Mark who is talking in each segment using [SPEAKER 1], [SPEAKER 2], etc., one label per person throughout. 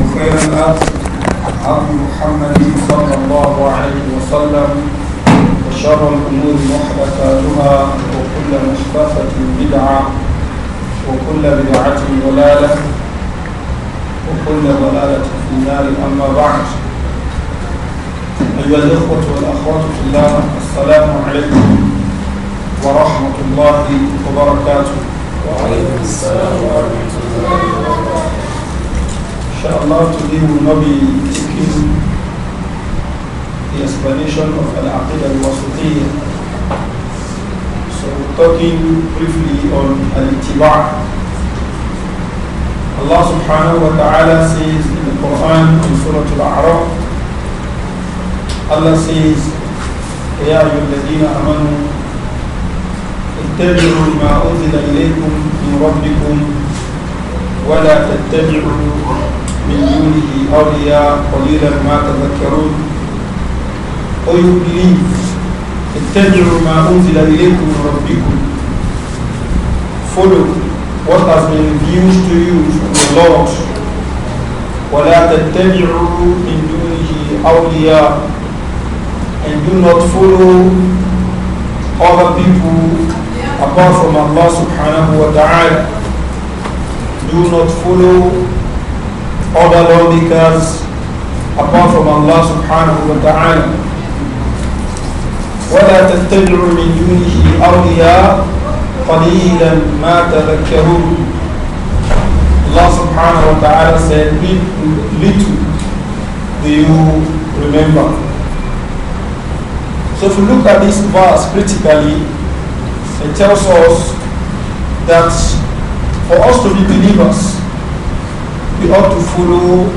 [SPEAKER 1] وخير الأرض عبد محمد صلى الله عليه وسلم وشر الأمور محدثاتها وكل محدثة بدعة وكل بدعة ضلالة وكل ضلالة في النار أما بعد أيها الإخوة والأخوات في الله السلام عليكم ورحمة الله وبركاته وعليكم السلام ورحمة الله وبركاته Inshallah, today will not be taking the explanation of Al-Aqidah al-Wasitiyya. So, talking briefly on al itiba Allah subhanahu wa ta'ala says in the Quran in Surah Al-A'raf Allah says يا أيها الذين آمنوا اتبعوا ما أنزل إليكم من ربكم ولا تتبعوا من دونه أولياء قليلا ما تذكرون أو you believe اتبعوا ما أنزل إليكم من ربكم follow what has been revealed to you from the Lord ولا تتبعوا من دونه أولياء and do not follow other people apart from Allah subhanahu wa ta'ala do not follow other lawmakers apart from Allah subhanahu wa ta'ala. ولا تتبعوا من دونه أولياء قليلا ما تذكرون اللَّهُ سُبْحَانَهُ وَتَعَالَى ta'ala said little do you remember so if you look at this verse critically it tells us that for us to be believers we ought to follow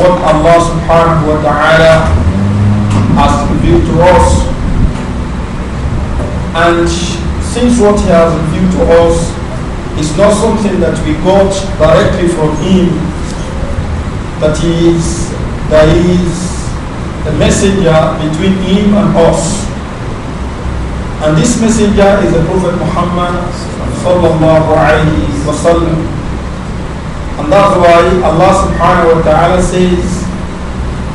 [SPEAKER 1] what Allah subhanahu wa ta'ala has revealed to us. And since what he has revealed to us is not something that we got directly from him, that is, there is a messenger between him and us. And this messenger is the Prophet Muhammad sallallahu alayhi wa sallam. And that's why Allah subhanahu wa ta'ala says,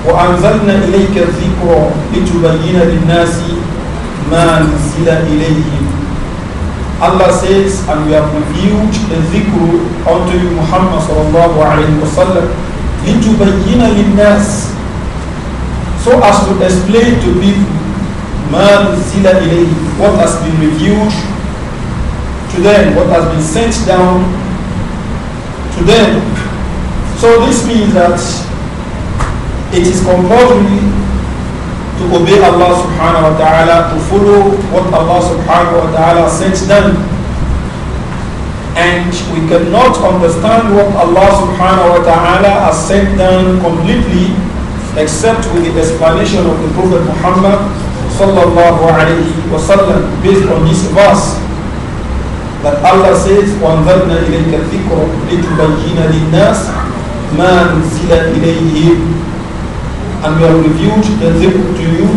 [SPEAKER 1] وَأَنزَلْنَا إِلَيْكَ الذِّكْرَ لِتُبَيِّنَ لِلنَّاسِ مَا نُزِّلَ إِلَيْهِمْ Allah says, and we have revealed the dhikr unto you, Muhammad sallallahu alayhi wa sallam, لِتُبَيِّنَ لِلنَّاسِ So as to explain to people, مَا نُزِّلَ إِلَيْهِمْ What has been revealed to them, what has been sent down to them. So this means that it is compulsory to obey Allah subhanahu wa ta'ala, to follow what Allah subhanahu wa ta'ala sets down. And we cannot understand what Allah subhanahu wa ta'ala has sent down completely except with the explanation of the Prophet Muhammad sallallahu alayhi wa sallam based on this verse. But Allah says, وَأَنْزَلْنَا إِلَيْكَ الذِّكْرَ لِتُبَيِّنَ لِلنَّاسِ مَا نُزِلَ إِلَيْهِمْ And we have revealed the zikr to you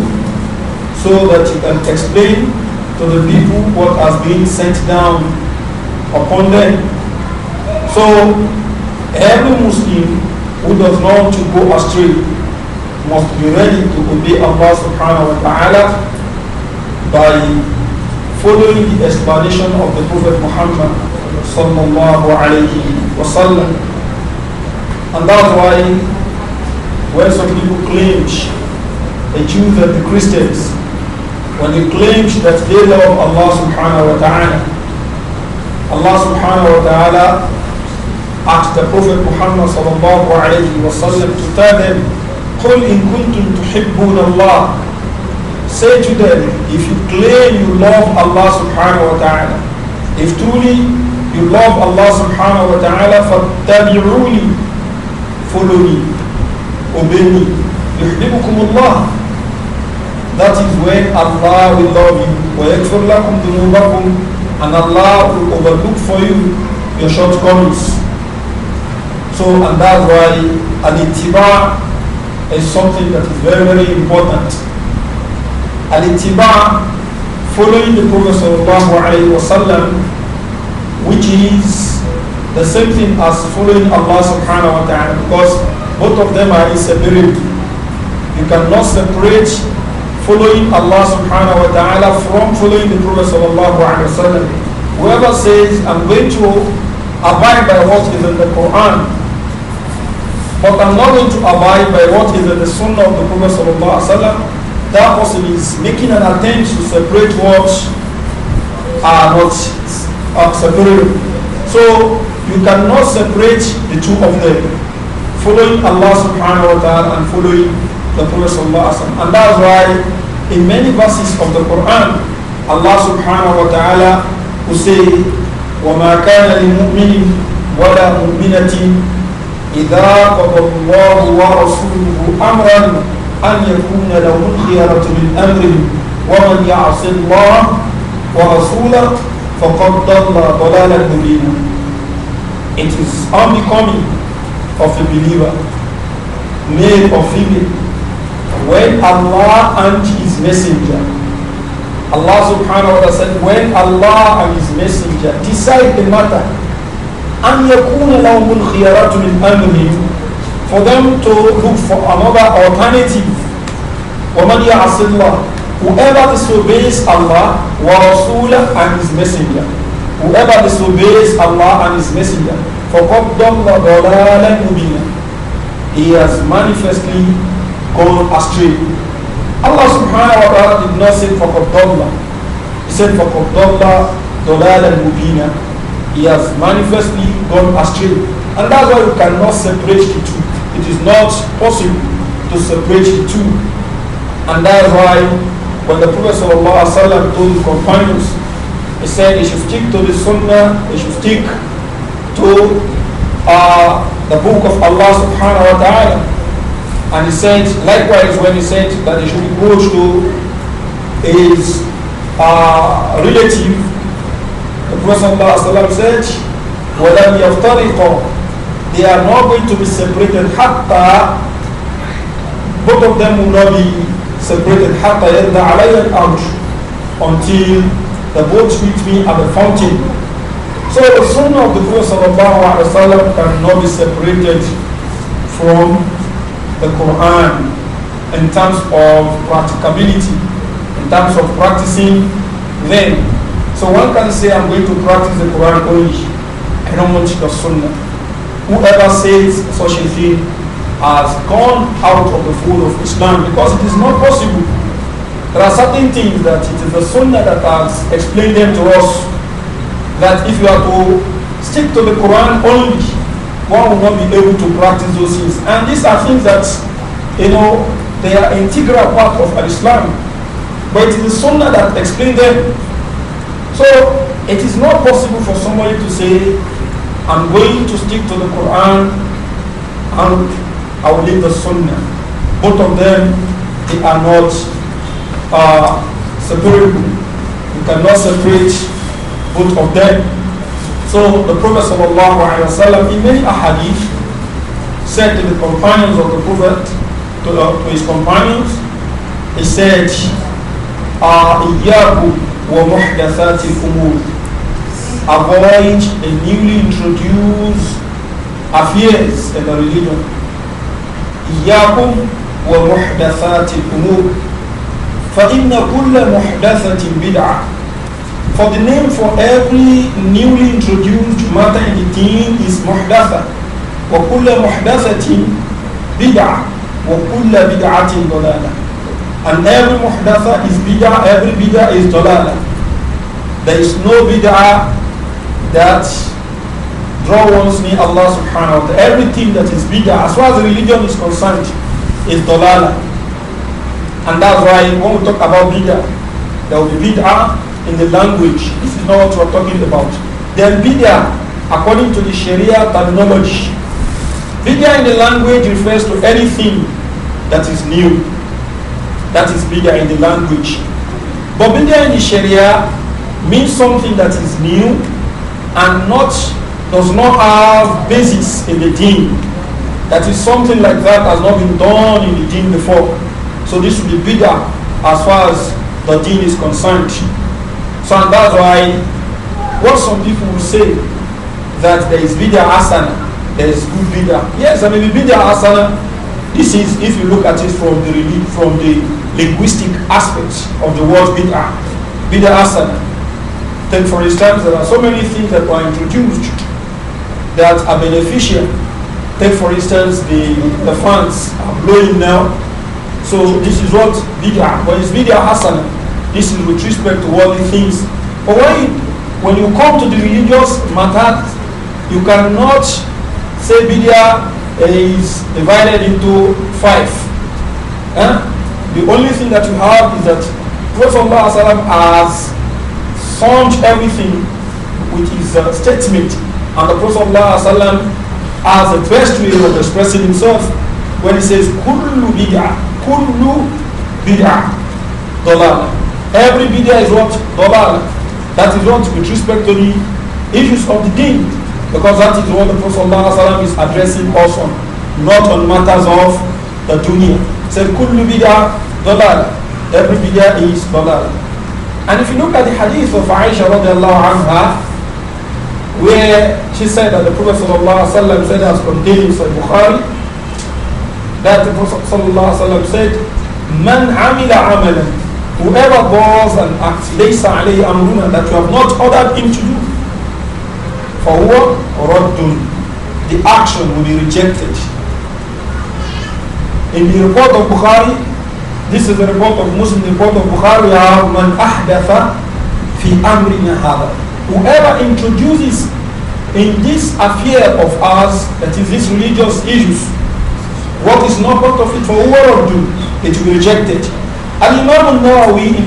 [SPEAKER 1] so that you can explain to the people what has been sent down upon them. So, every Muslim who does not want to go astray must be ready to obey Allah subhanahu wa ta'ala by following the explanation of the Prophet Muhammad sallallahu alayhi wasallam. And that's why when some people claim the Jews and the Christians, when they claim that they love Allah subhanahu wa ta'ala, Allah subhanahu wa ta'ala asked the Prophet Muhammad sallallahu alayhi wasallam to tell them, قل إن كنتم تحبون الله Say to them, if you claim you love Allah subhanahu wa ta'ala, if truly you love Allah subhanahu wa ta'ala, فَاتَّبِعُونِ Follow me, obey me. يُحْبِبُكُمُ اللَّهُ That is when Allah will love you. وَيَكْفُرْ لَكُمْ ذُنُوبَكُمْ And Allah will overlook for you your shortcomings. So, and that's why an is something that is very, very important. Al-Ittiba, following the Prophet sallam, which is the same thing as following Allah subhanahu wa ta'ala because both of them are inseparable. You cannot separate following Allah subhanahu wa ta'ala from following the Prophet sallallahu alayhi wa sallam. Whoever says, I'm going to abide by what is in the Quran, but I'm not going to abide by what is in the Sunnah of the Prophet sallallahu alayhi wa sallam, that person is making an attempt to separate what are not uh, So you cannot separate the two of them. Following Allah subhanahu wa ta'ala and following the Prophet sallallahu alaihi wasallam. And that's why in many verses of the Quran, Allah subhanahu wa ta'ala will say, وَمَا كَانَ لِمُؤْمِنٍ وَلَا مُؤْمِنَةٍ إِذَا قَضَى اللَّهُ وَرَسُولُهُ أَمْرًا أن يكون له الخيارة من أمره ومن يعص الله ورسوله فقد ضل ضلالا مبينا It is unbecoming of a believer, male or female, when Allah and His Messenger, Allah subhanahu wa ta'ala said, when Allah and His Messenger decide the matter, أن يكون لهم الخيارات من أمرهم for them to look for another alternative. Whoever disobeys Allah وَرَسُولَهُ and His Messenger. Whoever disobeys Allah and His Messenger. فَقَدْ he has manifestly gone astray. Allah subhanahu wa ta'ala did not say for Qabdallah. He said for Qabdallah, Dolal and Mubina. He has manifestly gone astray. And that's why you cannot separate the two it is not possible to separate the two. And that is why when the Prophet ﷺ told the companions, he said they should stick to the Sunnah, they should stick to uh, the book of Allah subhanahu wa ta'ala. And he said, likewise when he said that they should approach to his uh, relative, the Prophet ﷺ said, وَلَمْ يَفْتَرِقَ they are not going to be separated. Hatta both of them will not be separated. Hatta the alayya out until the boat meet me at the fountain. So the sunnah of the Prophet sallallahu alaihi wasallam cannot be separated from the Quran in terms of practicability, in terms of practicing them. So one can say, I'm going to practice the Quran only. I don't want the Sunnah whoever says such a thing has gone out of the fold of Islam because it is not possible. There are certain things that it is the Sunnah that has explained them to us that if you are to stick to the Quran only, one will not be able to practice those things. And these are things that, you know, they are integral part of Islam. But it is the Sunnah that explains them. So it is not possible for somebody to say I'm going to stick to the Quran and I will leave the Sunnah. Both of them, they are not uh, separable. You cannot separate both of them. So the Prophet وسلم, in many ahadith said to the companions of the Prophet, to, uh, to his companions, he said, إياكم ومحدثات الأمور avoid the newly introduced affairs in the religion. إياكم ومحدثات الأمور فإن كل محدثة بدعة For the name for every newly introduced matter in the deen is محدثة وكل محدثة بدعة وكل بدعة ضلالة And every محدثة is bid'ah, every bid'ah is ضلالة There is no bid'ah that draw one's near Allah subhanahu wa ta'ala. Everything that is bid'ah, as far as religion is concerned, is dolala. And that's why when we talk about bid'ah, there will be bid'ah in the language. This is not what we're talking about. Then bid'ah, according to the Sharia terminology, bid'ah in the language refers to anything that is new. That is bid'ah in the language. But bid'ah in the Sharia means something that is new and not does not have basis in the deen. That is something like that has not been done in the deen before. So this should be bigger as far as the deen is concerned. So and that's why what some people will say that there is bidya asana, there is good bidya. Yes, I mean bidya asana. This is if you look at it from the from the linguistic aspect of the word bidya, bidya asana Take for instance, there are so many things that were introduced that are beneficial. Take for instance, the, the funds are blowing now. So this is what bid'ah, what is media hasana. This is with respect to worldly things. But when, when you come to the religious matters, you cannot say media is divided into five. Eh? The only thing that you have is that Prophet has summed everything with his uh, statement. And the Prophet ﷺ has the best way of expressing himself when he says, Kullu bid'ah, kullu bid'ah, Every bid'ah is what? Dolala. That is what with respect to the issues of the deen. Because that is what the Prophet ﷺ is addressing us on, not on matters of the dunya. He said, Kullu bid'ah, Every bid'ah is dolala. And if you look at the hadith of Aisha radiallahu anha, where she said that the Prophet sallallahu sallam said as contained in Bukhari, that the Prophet sallallahu sallam said, Man amila amalan, whoever does an act, laysa alayhi amruna, that you have not ordered him to do, for what? Raddun. The action will be rejected. In the report of Bukhari, this is the report of Muslim, The report of Bukhari, man ahdatha fi amrina hada. Whoever introduces in this affair of ours, that is these religious issues, what is not part of it for whoever do, it will be rejected. And Imam Nawawi,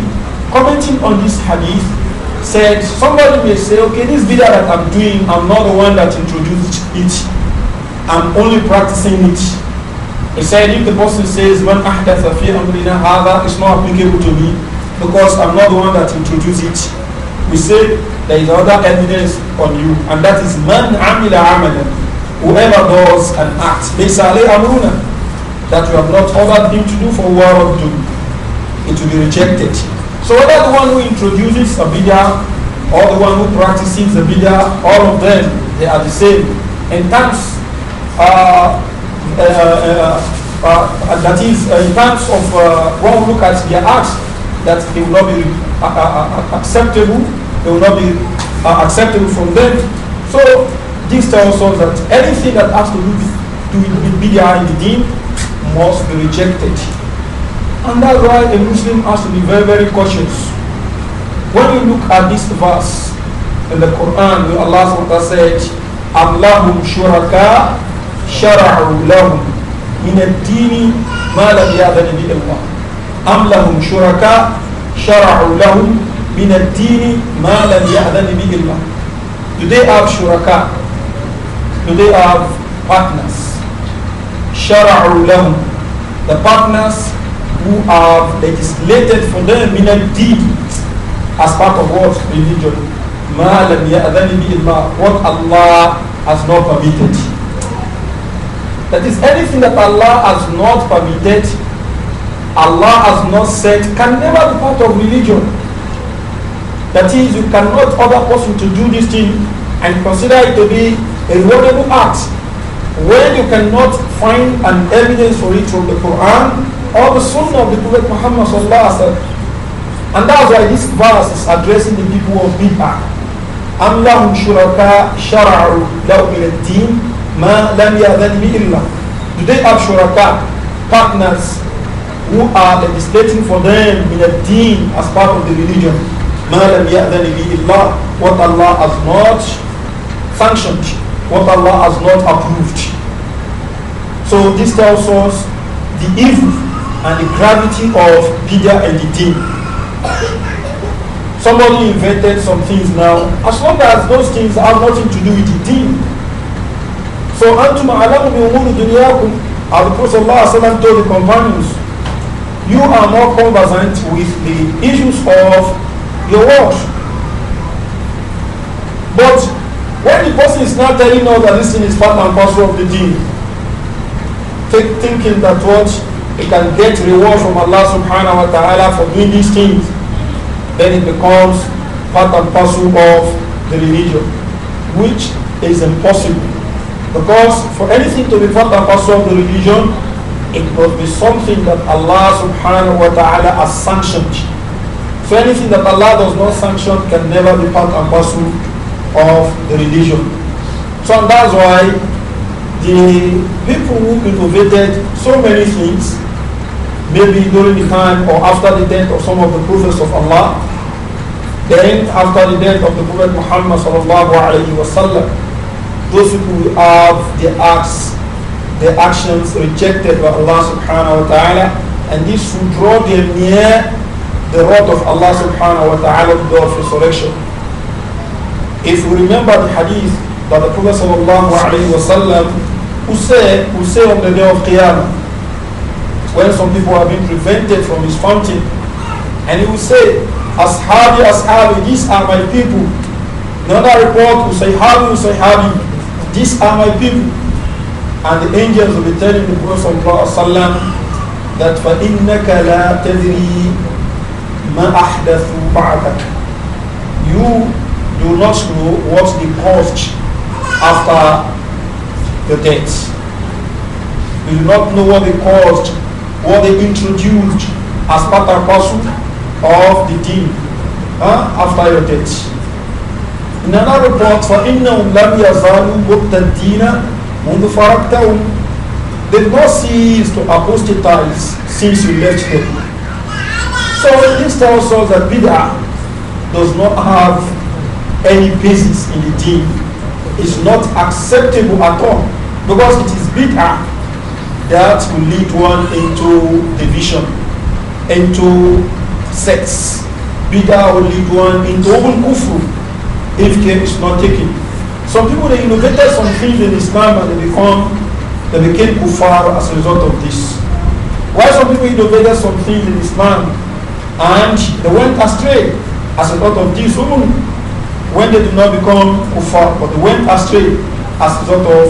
[SPEAKER 1] commenting on this hadith, said somebody may say, okay, this video that I'm doing, I'm not the one that introduced it. I'm only practicing it. He said, if the person says, when ahdatha fi amrina hada, it's not applicable to me because I'm not the one that introduced it. We say there is other evidence on you, and that is man amila amalan, whoever does an act, basically amruna, that you have not ordered him to do for war of doom, it will be rejected. So whether the one who introduces a bidah or the one who practices the bidah, all of them, they are the same. In terms, uh, uh, uh, uh, that is, in terms of wrong look at their acts, that they will not be acceptable, they will not be acceptable from them. So this tells us that anything that has to do with bid'ah in the deen must be rejected. And that's why a Muslim has to be very, very cautious. When you look at this verse in the Quran, where Allah said, Allahum shuraka شرعوا لهم من الدين ما لم يأذن به الله أم لهم شركاء شرعوا لهم من الدين ما لم يأذن به الله Do they have شركاء? Do they have partners? شرعوا لهم The partners who have legislated for them من الدين as part of what religion ما لم يأذن به الله what Allah has not permitted that is, anything that Allah has not permitted, Allah has not said, can never be part of religion. That is, you cannot order person to do this thing and consider it to be a wonderful act where you cannot find an evidence for it from the Quran or the Sunnah of the Prophet Muhammad And that's why this verse is addressing the people of Bid'ah. أَمْ لَهُمْ شُرَكَاءَ شَرَعُوا لَهُمْ مِنَ الدِّينِ Ma lam يأذن به إلا Do they have shuraka, partners who are legislating for them in a deen as part of the religion? Ma lam يأذن به إلا What Allah has not sanctioned, what Allah has not approved. So this tells us the evil and the gravity of bid'ah and the deen. Somebody invented some things now. As long as those things have nothing to do with the deen, so antum alamu bi umuri dunyakum, as the Prophet ﷺ told the companions, you are more conversant with the issues of your world. But when the person is not telling us that this thing is part and parcel of the deen, take, thinking that what he can get reward from Allah subhanahu wa ta'ala for doing these things, then it becomes part and parcel of the religion, which is impossible. Because for anything to be parcel of the religion, it must be something that Allah subhanahu wa ta'ala has sanctioned. So anything that Allah does not sanction can never be part and parcel of the religion. So that's why the people who innovated so many things, maybe during the time or after the death of some of the prophets of Allah, then after the death of the Prophet Muhammad sallallahu alayhi wa sallam, those people who have the acts, the actions rejected by Allah subhanahu wa ta'ala, and this will draw them near the wrath of Allah subhanahu wa ta'ala, the door of resurrection. If we remember the hadith that the Prophet sallallahu alayhi wa sallam who say, who say on the day of Qiyamah, when some people have been prevented from his fountain, and he will say, Ashabi, Ashabi, these are my people. Another report will say, Hadu, say, Hadu. These are my people. And the angels will be telling the Prophet ﷺ that فَإِنَّكَ لَا تَدْرِي مَا أَحْدَثُ بَعْدَكَ You do not know what they caused after your death. You do not know what they caused, what they introduced as part and parcel of the deal huh? after your death. In another report, فَإِنَّهُمْ لَمْ يَزَالُوا مُبْتَدِّينَ مُنْذُ فَرَقْتَهُمْ did not cease to apostatize since you left them. So this tells us that bid'ah does not have any basis in the deen. It's not acceptable at all because it is bid'ah that will lead one into division, into sects. Bid'ah will lead one into open kufru if care is not taken. Some people they innovated some things in Islam and they become they became kuffar as a result of this. Why some people innovated some things in Islam and they went astray as a result of this woman when they did not become kuffar but they went astray as a result of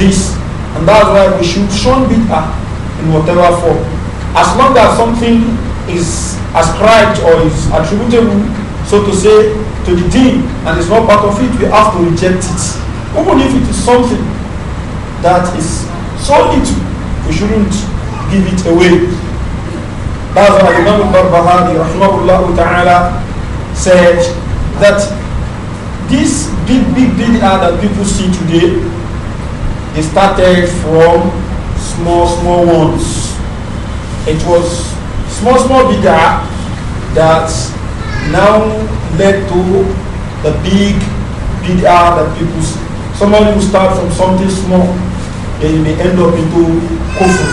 [SPEAKER 1] this. And that's why we should shun bid'ah in whatever form. As long as something is ascribed or is attributable, so to say, to the deen and it's not part of it, we have to reject it. Even if it is something that is so little, we shouldn't give it away. That's why Imam al-Barbahari rahimahullah ta'ala said that this big, big bid'ah that people see today, it started from small, small ones. It was small, small bid'ah that now led to the big bid'ah that people, somebody will start from something small then they may end up into kufu,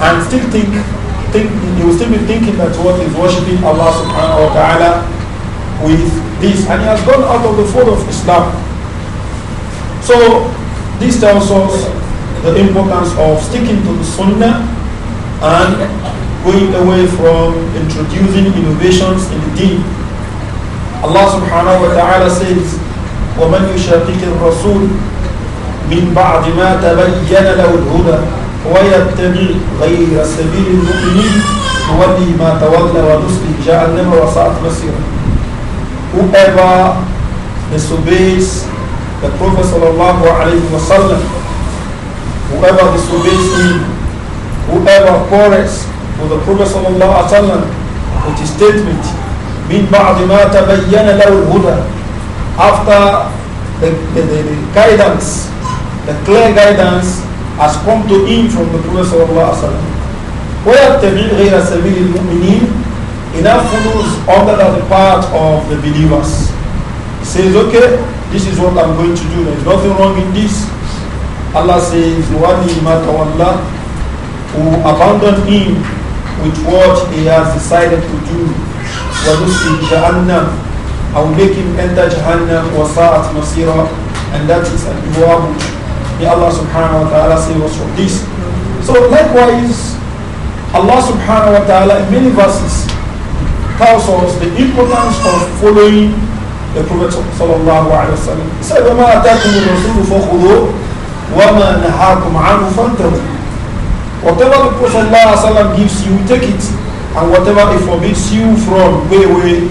[SPEAKER 1] And still think, think, you will still be thinking that what is worshipping Allah subhanahu wa ta'ala with this. And he has gone out of the fold of Islam. So this tells us the importance of sticking to the sunnah and going away from introducing innovations in the deen. Allah subhanahu wa ta'ala says, وَمَنْ يُشَاقِقِ الرَّسُولِ مِنْ بَعْدِ مَا تَبَيَّنَ لَهُ الْهُدَى وَيَتَّبِعْ غَيْرَ سَبِيلِ الْمُؤْمِنِينَ نُوَلِّهِ مَا تَوَلَّى وَنُصْلِهِ جَهَنَّمَ وَسَاءَتْ مَصِيرًا Whoever disobeys the Prophet sallallahu alayhi wa sallam, whoever disobeys him, whoever quarrels for the Prophet sallallahu alaihi wasallam with his statement, "Min ba'di ma tabayyana lahu huda After the, the, the, the, guidance, the clear guidance has come to him from the Prophet sallallahu alaihi wasallam. وَيَتَّبِعْ غَيْرَ سَبِيلِ الْمُؤْمِنِينَ enough now follows under the part of the believers. He says, okay, this is what I'm going to do. There's nothing wrong in this. Allah says, وَأَنِي مَا تَوَلَّى Who abandoned him with what he has decided to do. وَنُسْلِكْ جَهَنَّمْ I will make him enter Jahannam وَسَاءَتْ مَصِيرًا And that is an iwabu. May Allah subhanahu wa ta'ala save us from this. So likewise, Allah subhanahu wa ta'ala in many verses tells us the importance of following the Prophet sallallahu alayhi wa sallam. He said, وَمَا أَتَاكُمُ الرَّسُولُ فَخُذُوهُ وَمَا نَهَاكُمْ عَنْهُ فَانْتَهُوا Whatever the Prophet ﷺ gives you, take it. And whatever it forbids you from, way away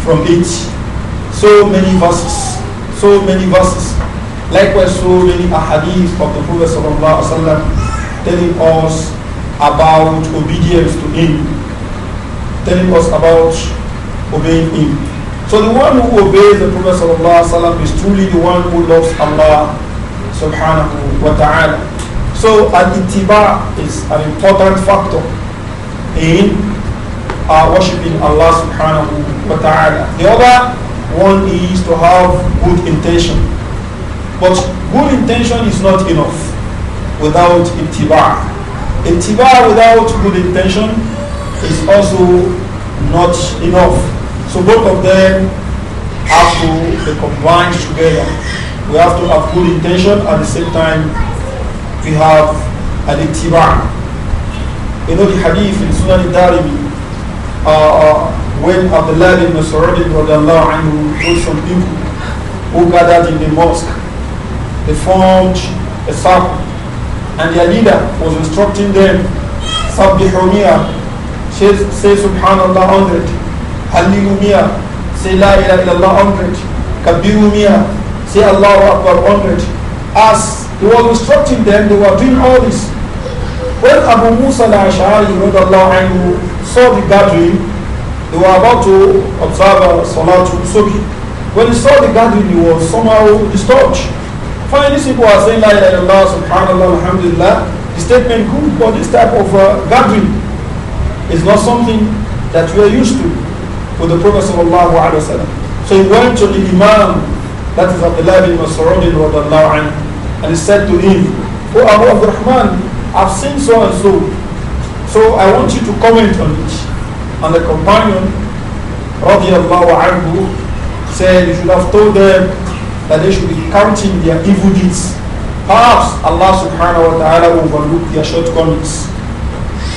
[SPEAKER 1] from it. So many verses. So many verses. Likewise, so many ahadith of the Prophet ﷺ telling us about obedience to him. Telling us about obeying him. So the one who obeys the Prophet ﷺ is truly the one who loves Allah subhanahu wa ta'ala. So an ittiba is an important factor in uh, worshipping Allah subhanahu wa ta'ala. The other one is to have good intention. But good intention is not enough without ittiba. Ittiba without good intention is also not enough. So both of them have to be combined together. We have to have good intention at the same time we have al-ittiba' In the hadith in Sunan al-Darimi uh, uh when Abdullah ibn Mas'ud anhu told some people who gathered in the mosque they formed a circle and their leader was instructing them Sabbihumiyah say, say Subhanallah 100 Hallelujah say La ilaha illallah 100 Kabirumiyah say Allahu Akbar 100 ask he was instructing them, they were doing all this. When Abu Musa al-Ash'ari anhu saw the gathering, they were about to observe Salatul Subhi. When he saw the gathering, he was somehow disturbed. Finally, people are saying, La ilaha illallah, subhanallah, alhamdulillah. The statement good, but this type of uh, gathering is not something that we are used to for the Prophet of Allah. wasallam. So he went to the Imam, that is Abdullah bin the radallahu anhu, and he said to him, Oh Abu Abdurrahman, I've seen so and so. So I want you to comment on it. And the companion, radiallahu anhu, said, You should have told them that they should be counting their evil deeds. Perhaps Allah subhanahu wa ta'ala overlooked their shortcomings.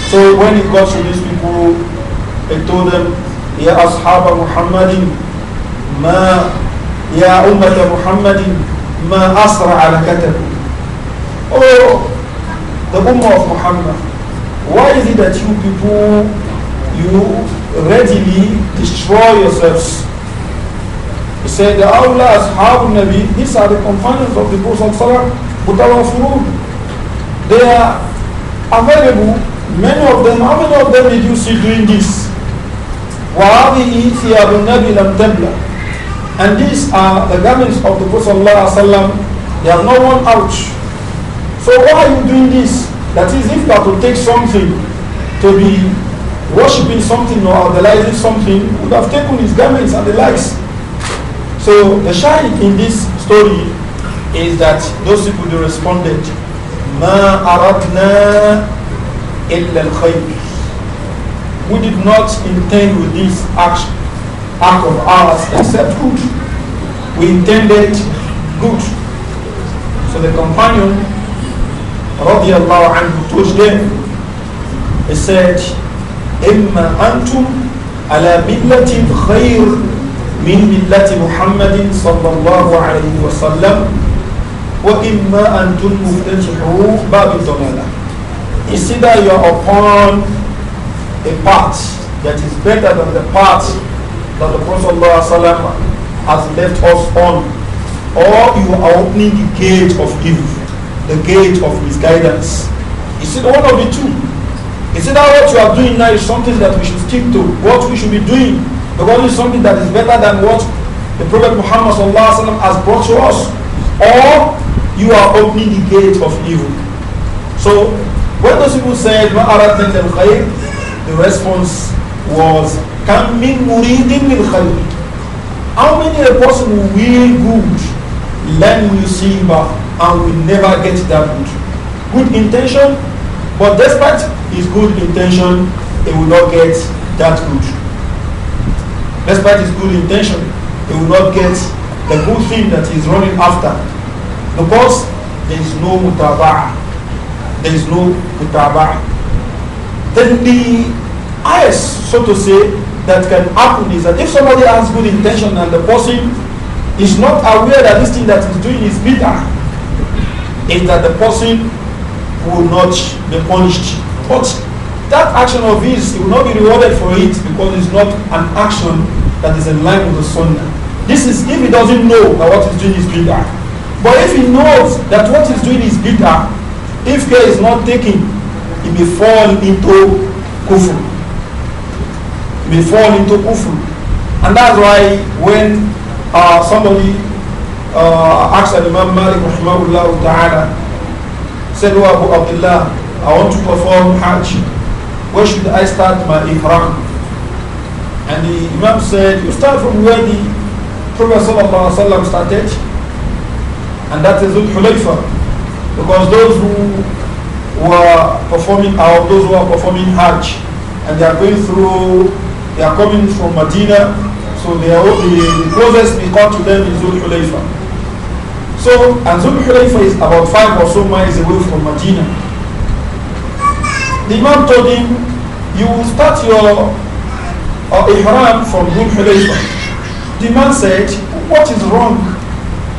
[SPEAKER 1] So when he got to these people, he told them, Ya ashab Muhammadin, ma, ya ummat Muhammadin, ما أسرع على كتبه Oh, the Ummah of Muhammad, why is it that you people, you readily destroy yourselves? He said, the Allah, Ashab Nabi, these are the companions of the Prophet but Alaihi Wasallam. they are available. Many of them, how many of them did you see doing this? وَهَذِهِ ثِيَابُ النَّبِي لَمْ تَبْلَى and these are the garments of the Prophet ﷺ. They have not worn out. So why are you doing this? That is, if you are to take something to be worshipping something or idolizing something, would have taken his garments and the likes. So the shining in this story is that those people they responded, Ma aradna illa al We did not intend with this action act of ours except good. We intended good. So the companion radiallahu anhu told them, he said, إما أنتم على ملة خير من ملة محمد صلى الله عليه وسلم وإما أنتم مفتتحوا باب الضلالة. It's either you are upon a path that is better than the path that the Prophet ﷺ has left us on, or you are opening the gate of evil, the gate of misguidance. Is it one of the two? Is it that what you are doing now is something that we should stick to, what we should be doing, because it's something that is better than what the Prophet Muhammad has brought to us, or you are opening the gate of evil. So when those people said, the response was Kam min muridin min khalqi. How many a person will good, learn yusiba, and will never get that good? Good intention, but despite his good intention, he will not get that good. Despite his good intention, he will not get the good thing that he is running after. Because there is no mutaba'ah. There is no mutaba'ah. Then the eyes, so to say, that can happen is that if somebody has good intention and the person is not aware that this thing that he's doing is bitter, is that the person will not be punished. But that action of his, he will not be rewarded for it because it's not an action that is in line with the sunnah. This is if he doesn't know that what he's doing is bid'ah. But if he knows that what he's doing is bid'ah, if care is not taken, he may fall into kufr may fall into kufr. And that's why when uh, somebody uh, asked Imam Malik rahimahullah ta'ala, said, Oh Abu Abdullah, I want to perform Hajj. Where should I start my ihram? And the Imam said, you start from where the Prophet ﷺ started, and that is with Hulayfa. Because those who were performing, or those who are performing Hajj, and they are going through they are coming from Medina, so they are the, the closest can to them is Zul Hulayfa. So, and Zul Hulayfa is about five or so miles away from Medina. The Imam told him, you will start your uh, ihram from Zul Hulayfa. The man said, what is wrong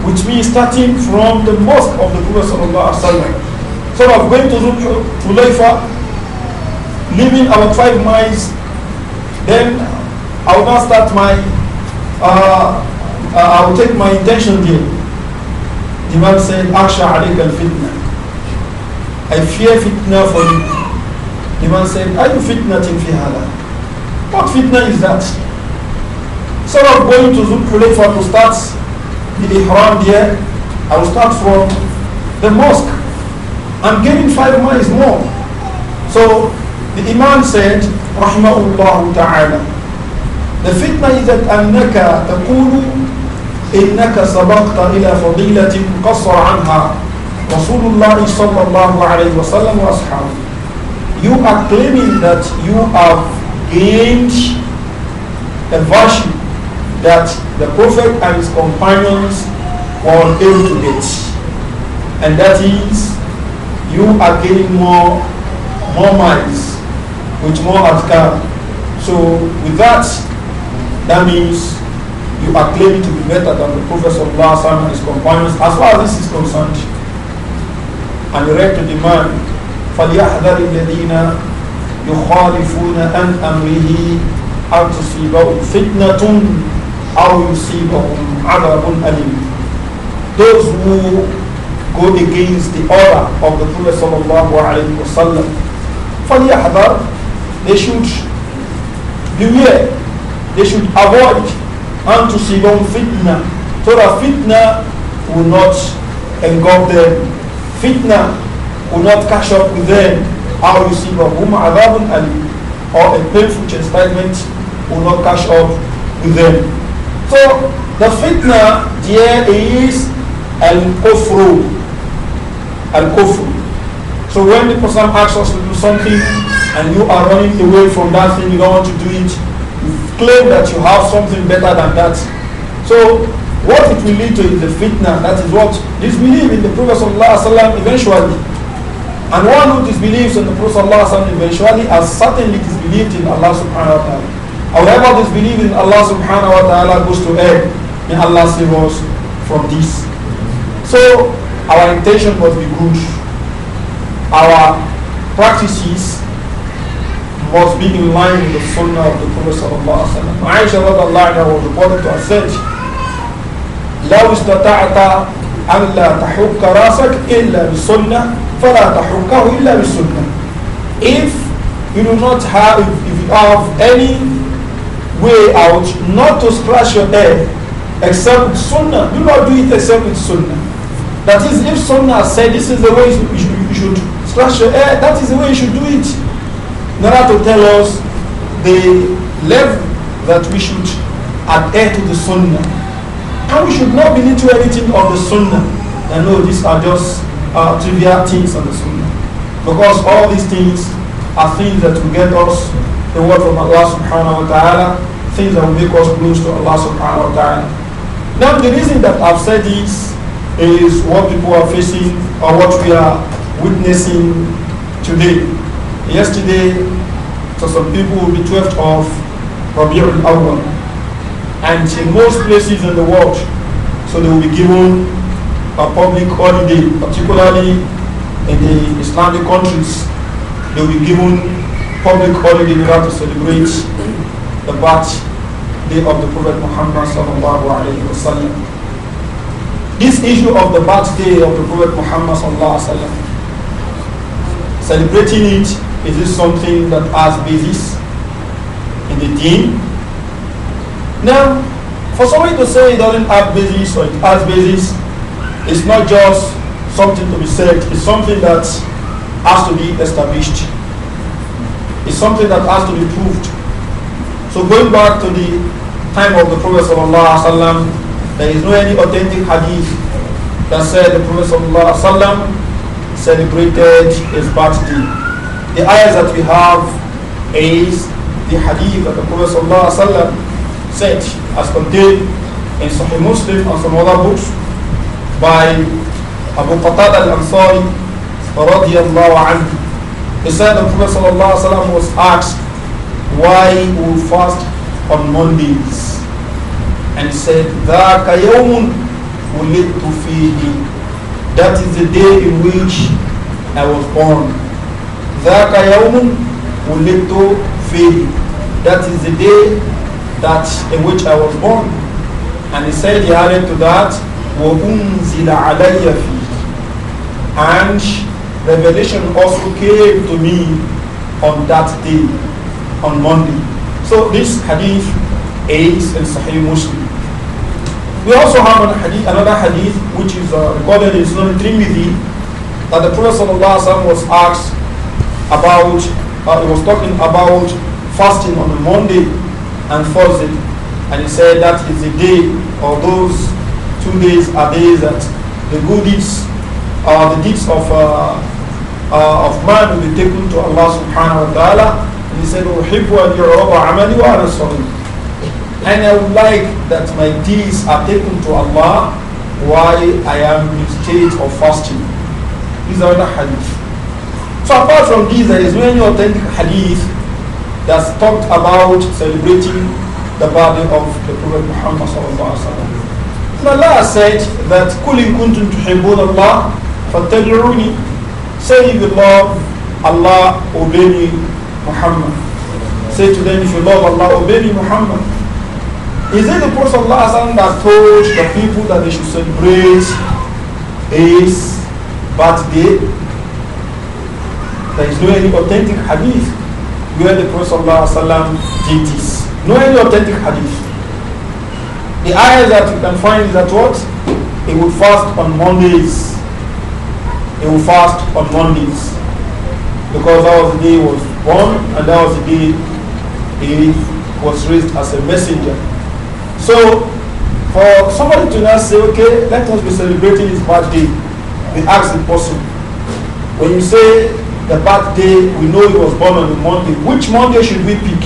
[SPEAKER 1] with me starting from the mosque of the Prophet Sallallahu Alaihi Wasallam? So I'm going to Zul Hulayfa, leaving about five miles then I will not start my, uh, uh, I will take my intention game. The man said, Aksha alayka al-fitna. I fear fitna for you. The man said, Are you fitnating fi hada? What fitna is that? Instead of going to Zulkulayfa to start the ihram there, I will start from the mosque. I'm getting five miles more. So the Imam said, رحمه الله تعالى The fitna is that أنك تقول إنك سبقت إلى فضيلة قصر عنها رسول الله صلى الله عليه وسلم وأصحابه You are claiming that you have gained a virtue that the Prophet and his companions were able to get. And that is, you are gaining more, more minds. with more adhkar. So with that, that means you are claiming to be better than the Prophet of Allah and his companions as far as this is concerned. And you read to the man, فَلْيَحْذَرِ الَّذِينَ يُخَالِفُونَ أَنْ أَمْرِهِ أَوْ تُصِيبَهُمْ فِتْنَةٌ أَوْ يُصِيبَهُمْ عَذَابٌ أَلِيمٌ Those who go against the order of the Prophet صلى الله عليه وسلم, فَلْيَحْذَرِ they should beware, they should avoid unto to fitna. So that fitna will not engulf them. Fitna will not catch up with them. How you see whom Adabun Ali or a painful chastisement will not catch up with them. So the fitna there kofru al-kufru. Al-kufru. So when the person asks us to do something and you are running away from that thing, you don't want to do it, you claim that you have something better than that. So what it will lead to is the fitna, that is what disbelief in the Prophet Wasallam eventually. And one who disbelieves in the Prophet eventually has certainly disbelieved in Allah subhanahu wa ta'ala. However, disbelief in Allah subhanahu wa ta'ala goes to hell. May Allah save us from this. So our intention must be good. Our practices must be in line with the sunnah of the Prophet sallallahu alaihi wasallam. Aisha radiallahu was reported to have said, لو استطعت أن لا تحك راسك إلا بسنة فلا تحكه إلا بسنة. If you do not have, if you have any way out, not to scratch your head except with sunnah, do not do it except with sunnah. That is, if sunnah said this is the way you should, you should scratch your head, that is the way you should do it in order to tell us the level that we should adhere to the sunnah. And we should not believe to anything of the sunnah. And no, these are just uh, trivial things of the sunnah. Because all these things are things that will get us the word from Allah subhanahu wa ta'ala, things that will make us close to Allah subhanahu wa ta'ala. Now the reason that I've said this is what people are facing or what we are witnessing today. Yesterday, to some people, will be 12th of Rabiul Awwal. And in most places in the world, so they will be given a public holiday, particularly in the Islamic countries. They will be given public holiday in order to celebrate the birth day of the Prophet Muhammad sallallahu alaihi wasallam. This issue of the birth day of the Prophet Muhammad celebrating it is this something that has basis in the deen? Now, for somebody to say it doesn't have basis or it has basis, it's not just something to be said, it's something that has to be established. It's something that has to be proved. So going back to the time of the Prophet Sallallahu there is no any authentic hadith that said the Prophet Sallallahu celebrated his birthday. The ayahs that we have is the hadith that the Prophet ﷺ said as contained in Sahih Muslim and some other books by Abu Qatada al-Ansari radiyallahu anhu. He said the Prophet ﷺ was asked why we fast on Mondays and said, ذَاكَ يَوْمٌ وُلِدْتُ فِيهِ That is the day in which I was born. ذَاكَ يَوْمٌ وُلِدْتُ فِيهِ That is the day that in which I was born. And he said, he added to that, وَأُنزِلَ عَلَيَّ فِيهِ And revelation also came to me on that day, on Monday. So this hadith is in Sahih Muslim. We also have an hadith, another hadith which is uh, recorded in Sunan Trimidi that the Prophet was asked about uh, he was talking about fasting on a Monday and Thursday, and he said that is the day or those two days are days that the good deeds, uh, the deeds of uh, uh, of man will be taken to Allah Subhanahu wa Taala. And he said, "Uhibbu and I would like that my deeds are taken to Allah while I am in state of fasting. These are the hadith. So apart from this, there is many authentic hadith that's talked about celebrating the birthday of the Prophet Muhammad And Allah said that قُلْ kuntun كُنْتُمْ Allah اللَّهَ Say if you love Allah, obey me, Muhammad. Say to them, if you love Allah, obey me, Muhammad. Is it the Prophet ﷺ that told the people that they should celebrate his birthday? There is no any authentic hadith where the Prophet did this. No any authentic hadith. The ayah that you can find is that what? He would fast on Mondays. He would fast on Mondays. Because that was the day he was born and that was the day he was raised as a messenger. So for somebody to now say, okay, let us be celebrating his birthday, they ask the person. When you say the birthday, we know he was born on a Monday. Which Monday should we pick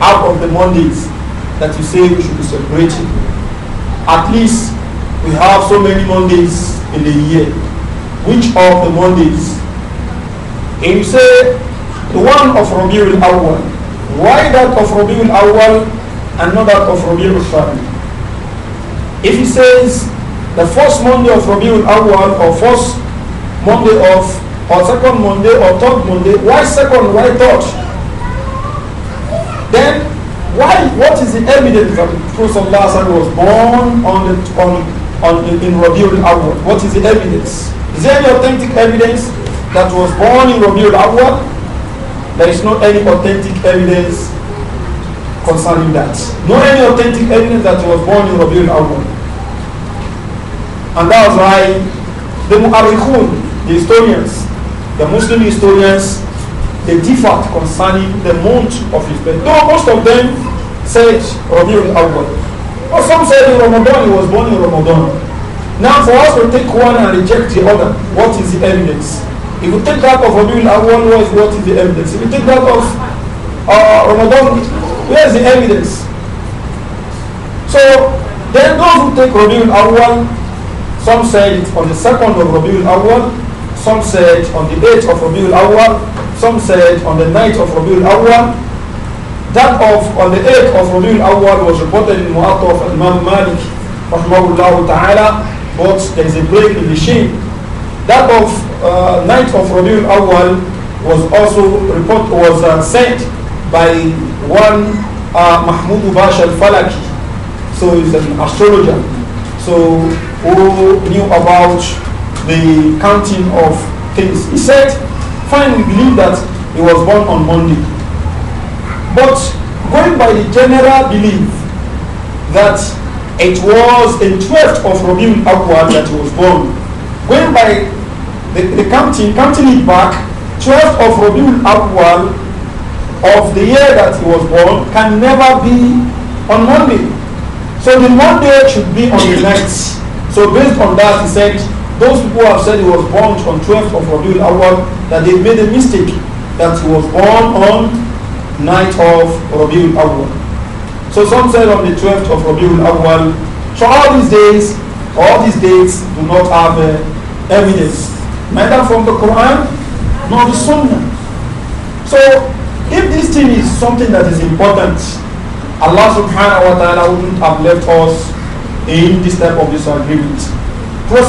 [SPEAKER 1] out of the Mondays that you say we should be celebrating? At least we have so many Mondays in a year. Which of the Mondays? And you say, the one of Rabiul Awal, Why that of Rabiul Awal and not that of Rabiul Thani? If he says, the first Monday of Rabiul Awal or first Monday of or second Monday or third Monday. Why second? Why third? Then why? What is the evidence that Prophet was born on the on on the, in Rabiul Awwal? What is the evidence? Is there any authentic evidence that was born in Rabiul Awwal? There is no any authentic evidence concerning that. No any authentic evidence that was born in Rabiul Awwal. And that's why the Mu'arrikhun, the historians, the Muslim historians, they differed concerning the month of his birth. Though most of them said Rabiul Awwal. but some said in Ramadan, he was born in Ramadan. Now for us to take one and reject the other, what is the evidence? If we take that of Rabiul Awwal, what is the evidence? If we take that of uh, Ramadan, where is the evidence? So then those who take Rabiul Awwal, some said it on the second of Rabiul Awwal, some said on the 8th of Rabiul Awal. some said on the 9th of Rabiul Awal. That of on the 8th of Rabiul Awal was reported in Mu'atta of Imam Malik, rahmahullah ta'ala, but there is a break in the sheep. That of uh, 9th of Rabiul Awal was also report was uh, sent by one uh, Mahmoud Bash al-Falaki. So he's an astrologer. So who knew about the counting of things. He said, fine, we believe that he was born on Monday. But going by the general belief that it was a 12th of Rabiul Awwal that he was born, going by the, the counting, counting it back, 12th of Rabiul Awwal of the year that he was born can never be on Monday. So the Monday should be on the night. So based on that, he said those people have said he was born on 12th of Rabiul Awal, that they made a mistake that he was born on night of Rabiul Awal. So some said on the 12th of Rabiul Awal. So all these days, all these dates do not have uh, evidence, neither from the Quran nor the Sunnah. So if this thing is something that is important, Allah subhanahu wa ta'ala wouldn't have left us in this type of disagreement. Prophet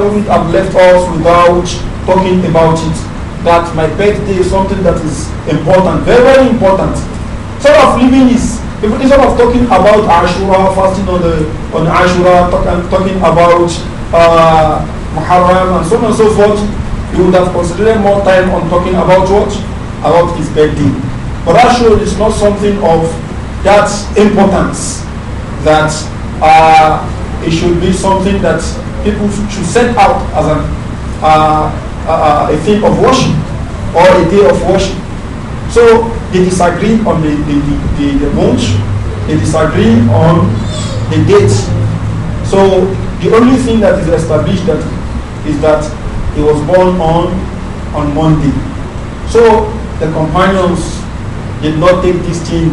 [SPEAKER 1] wouldn't have left us without talking about it. That my birthday is something that is important, very, very important. Sort of living is, instead of talking about Ashura, fasting on the on Ashura, talk, talking about uh, Muharram and so on and so forth, you would have considered more time on talking about what? About his birthday. But Ashura is not something of that importance that uh, it should be something that people should set out as an, uh, uh, a thing of worship or a day of worship. So they disagree on the, the, the, the, month, they disagree on the date. So the only thing that is established that is that he was born on, on Monday. So the companions did not take this thing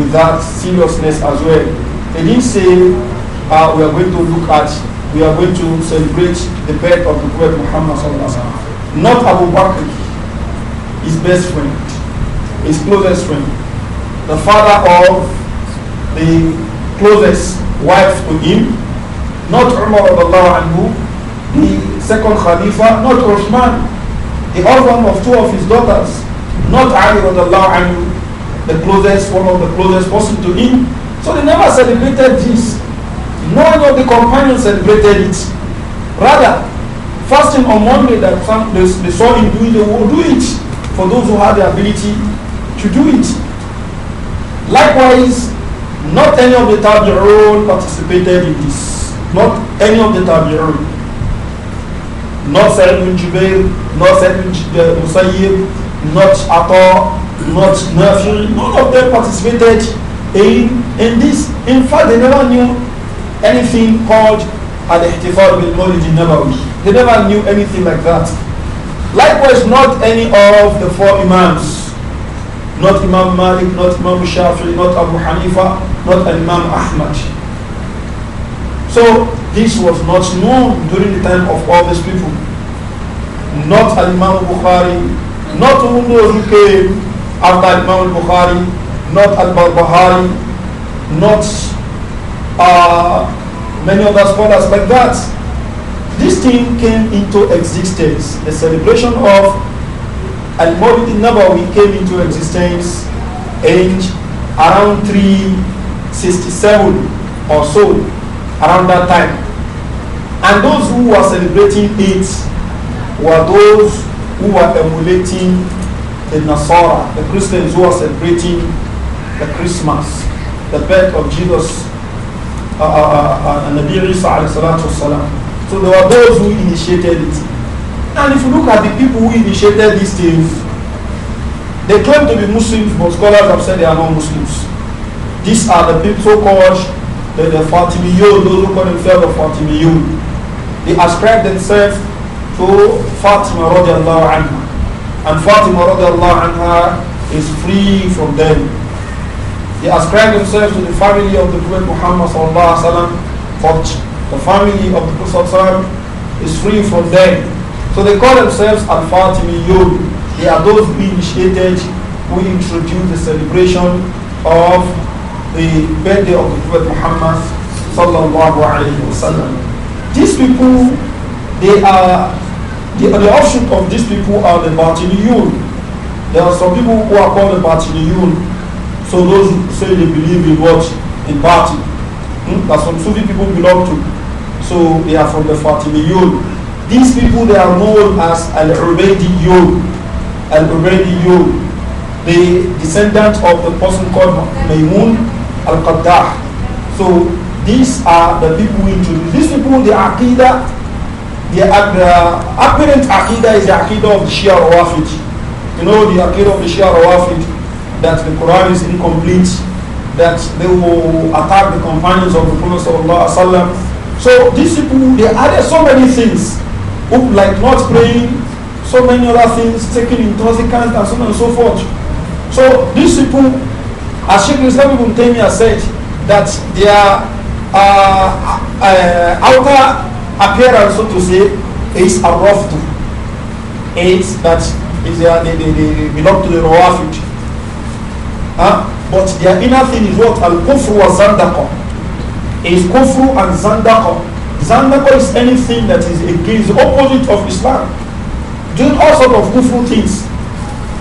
[SPEAKER 1] with that seriousness as well. They didn't say uh, we are going to look at, we are going to celebrate the birth of the Prophet Muhammad Not Abu Bakr, his best friend, his closest friend, the father of the closest wife to him, not Umar anhu, the second Khalifa, not Uthman, the husband of two of his daughters, not Ali anhu, the closest, one of the closest person to him. So they never celebrated this. None of the companions celebrated it. Rather, fasting on Monday that some, they, they saw him doing, they will do it for those who have the ability to do it. Likewise, not any of the Tabi'un participated in this. Not any of the Tabi'un. Not Sa'id bin not Sa'id bin uh, not Atta, not Nafi. None of them participated in, in this. In fact, they never knew anything called al-ihtifal bil mawlid nabawi. They never knew anything like that. Likewise, not any of the four imams, not Imam Malik, not Imam Shafi'i, not Abu Hanifa, not Imam Ahmad. So this was not known during the time of all these people. Not Imam Bukhari, not even those who came after Imam Bukhari, not Al-Barbahari, not uh, many other scholars like that. This thing came into existence. The celebration of Al-Mawlid Nabawi came into existence in around 367 or so, around that time. And those who were celebrating it were those who were emulating the Nasara, the Christians who were celebrating the Christmas, the birth of Jesus uh, uh, uh, Nabi Isa والسلام. So there were those who initiated it. And if you look at the people who initiated these things, they claim to be Muslims, but scholars have said they are not Muslims. These are the people so-called the, the Fatimiyun, those who call themselves the Fatimiyun. They ascribe themselves to Fatima radiallahu anha. And Fatima radiallahu anha is free from them. He ascribed himself to the family of the Prophet Muhammad sallallahu alaihi wasallam, but the family of the Prophet is free from them. So they call themselves Al-Fatimiyun. They are those who initiated, who introduced the celebration of the birthday of the Prophet Muhammad sallallahu alaihi wasallam. These people, they are the, the offshoot of these people are the Batiniyun. There are some people who are called the Batiniyun so those who say they believe in what? In party. Hmm? some what Sufi people belong to. So they are from the Fatimiyun. These people, they are known as Al-Ubaidiyun. Al-Ubaidiyun. The descendant of the person called Maymun Al-Qaddah. So these are the people we introduce. These people, the Aqidah, the, the apparent Aqidah is the Aqidah of the Shia Rawafid. You know the Aqidah of the Shia Rawafid that the Quran is incomplete, that they will attack the companions of the Prophet sallallahu Alaihi So these people, they added so many things, like not praying, so many other things, taking intoxicants and so on and so forth. So these people, as Sheikh Islam Ibn Taymiyyah said, that their uh, uh, uh outer appearance, so to say, is a rough It's that is uh, they, they, they, belong to the Rawafid. Huh? But their inner thing is what? Al-kufru wa zandaqa. Is kufru and zandaqa. Zandaqa is anything that is against the opposite of Islam. Doing all sort of kufru things.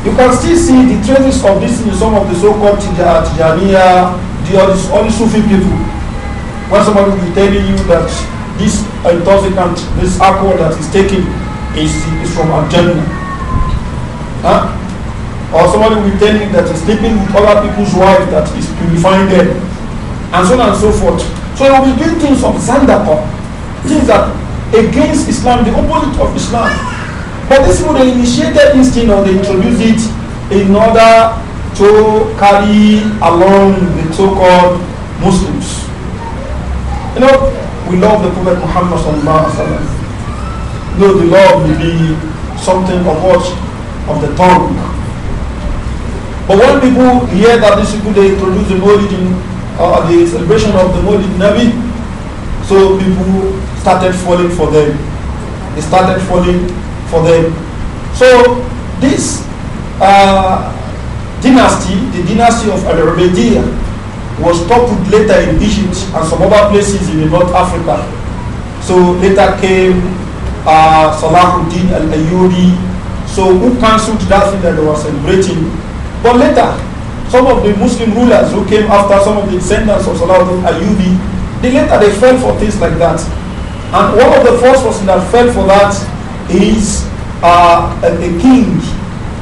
[SPEAKER 1] You can still see the traces of this in some of the so-called Tijaniya, the all these, all Sufi people. When somebody will be telling you that this intoxicant, this alcohol that is taken is, is from Al-Jannah. Huh? Or somebody will tell you that he's sleeping with other people's wife that is purifying them. And so on and so forth. So he will be doing things of Zandaka. Things that against Islam, the opposite of Islam. But this would they initiated this thing or they introduced it in order to carry along the so-called Muslims. You know, we love the Prophet Muhammad sallallahu alaihi wasallam. Though the love will be something of what of the tongue. But when people hear that this people they introduce the Molid in uh, the celebration of the mawlid, Nabi, so people started falling for them. They started falling for them. So this uh, dynasty, the dynasty of Al Ubaidiyah, was toppled later in Egypt and some other places in North Africa. So later came uh, Salahuddin Al Ayyubi, so who cancelled that thing that they were celebrating but later, some of the Muslim rulers who came after some of the descendants of Salahuddin Ayyubi, they later they fell for things like that. And one of the first person that fell for that is uh, a, a, king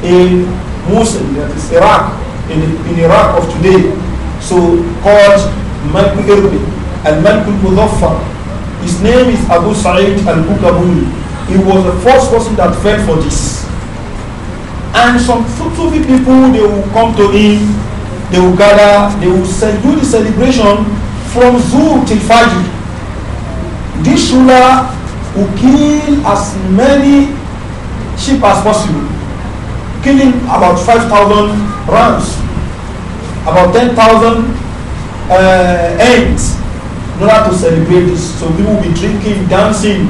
[SPEAKER 1] in Mosul, that is Iraq, in, in Iraq of today. So called Malik Irbi and Malik Muzaffar. His name is Abu Sa'id al-Bukabuli. He was the first person that fell for this. And some Sufi people, they will come to him, they will gather, they will do the celebration from zoo till Fajr. This ruler will kill as many sheep as possible, killing about five thousand rams, about 10,000 uh, ants in order to celebrate this. So people will be drinking, dancing,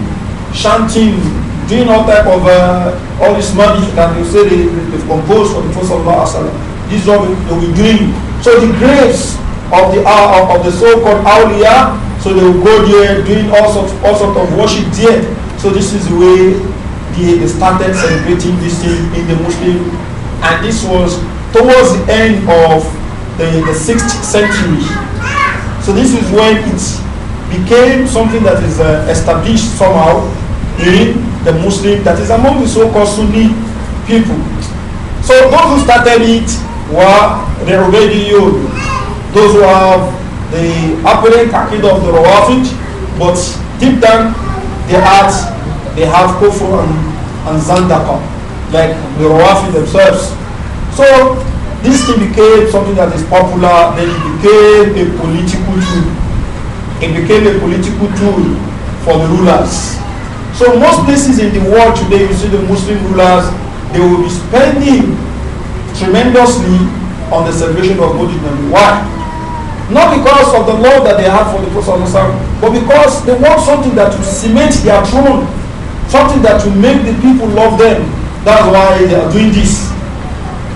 [SPEAKER 1] chanting, doing all type of uh, all this magic that they say they, they've composed for the Prophet of Alaihi Wasallam. This is what they will doing. So the graves of the uh, of the so-called awliya, so they will go there doing all sorts all sort of worship there. So this is the way they, they started celebrating this thing in the Muslim, and this was towards the end of the, the sixth century. So this is when it became something that is uh, established somehow in the Muslim that is among the so-called Sunni people. So those who started it were the Ubaidiyun, those who have the apparent akid of the Rawafid, but deep down they have they have Kufr and, and Zandaka, like the Rawafid themselves. So this thing became something that is popular, then it became a political tool. It became a political tool for the rulers. So most places in the world today, you see the Muslim rulers, they will be spending tremendously on the celebration of Maulid Nabi. Why? Not because of the love that they have for the Prophet but because they want something that will cement their throne, something that will make the people love them. That's why they are doing this.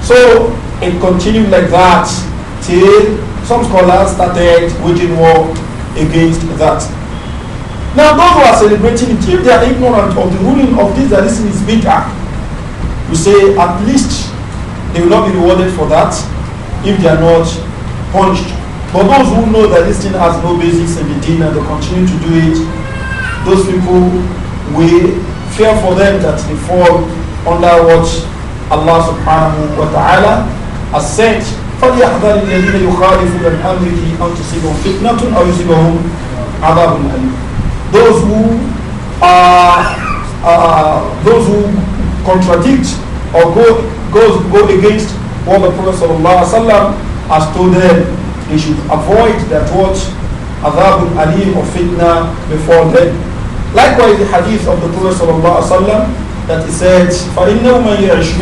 [SPEAKER 1] So it continued like that till some scholars started waging war against that. Now those who are celebrating it, if they are ignorant of the ruling of this that this is bid'ah, you say at least they will not be rewarded for that if they are not punished. But those who know that this thing has no basis in the deen and they continue to do it, those people we fear for them that they fall under what Allah subhanahu wa ta'ala has sent. فَلْيَحْذَرِ الَّذِينَ يُخَالِفُونَ عَنْ أَمْرِهِ أَنْ تُصِيبَهُمْ فِتْنَةٌ أَوْ يُصِيبَهُم عَذَابٌ أَلِيمٌ those who are uh, those who contradict or go go against what the Prophet sallam, has told them. They should avoid that what Azabul Ali or fitna before them. Likewise, the hadith of the Prophet sallam, that he said, فَإِنَّهُ مَنْ يَعِشْ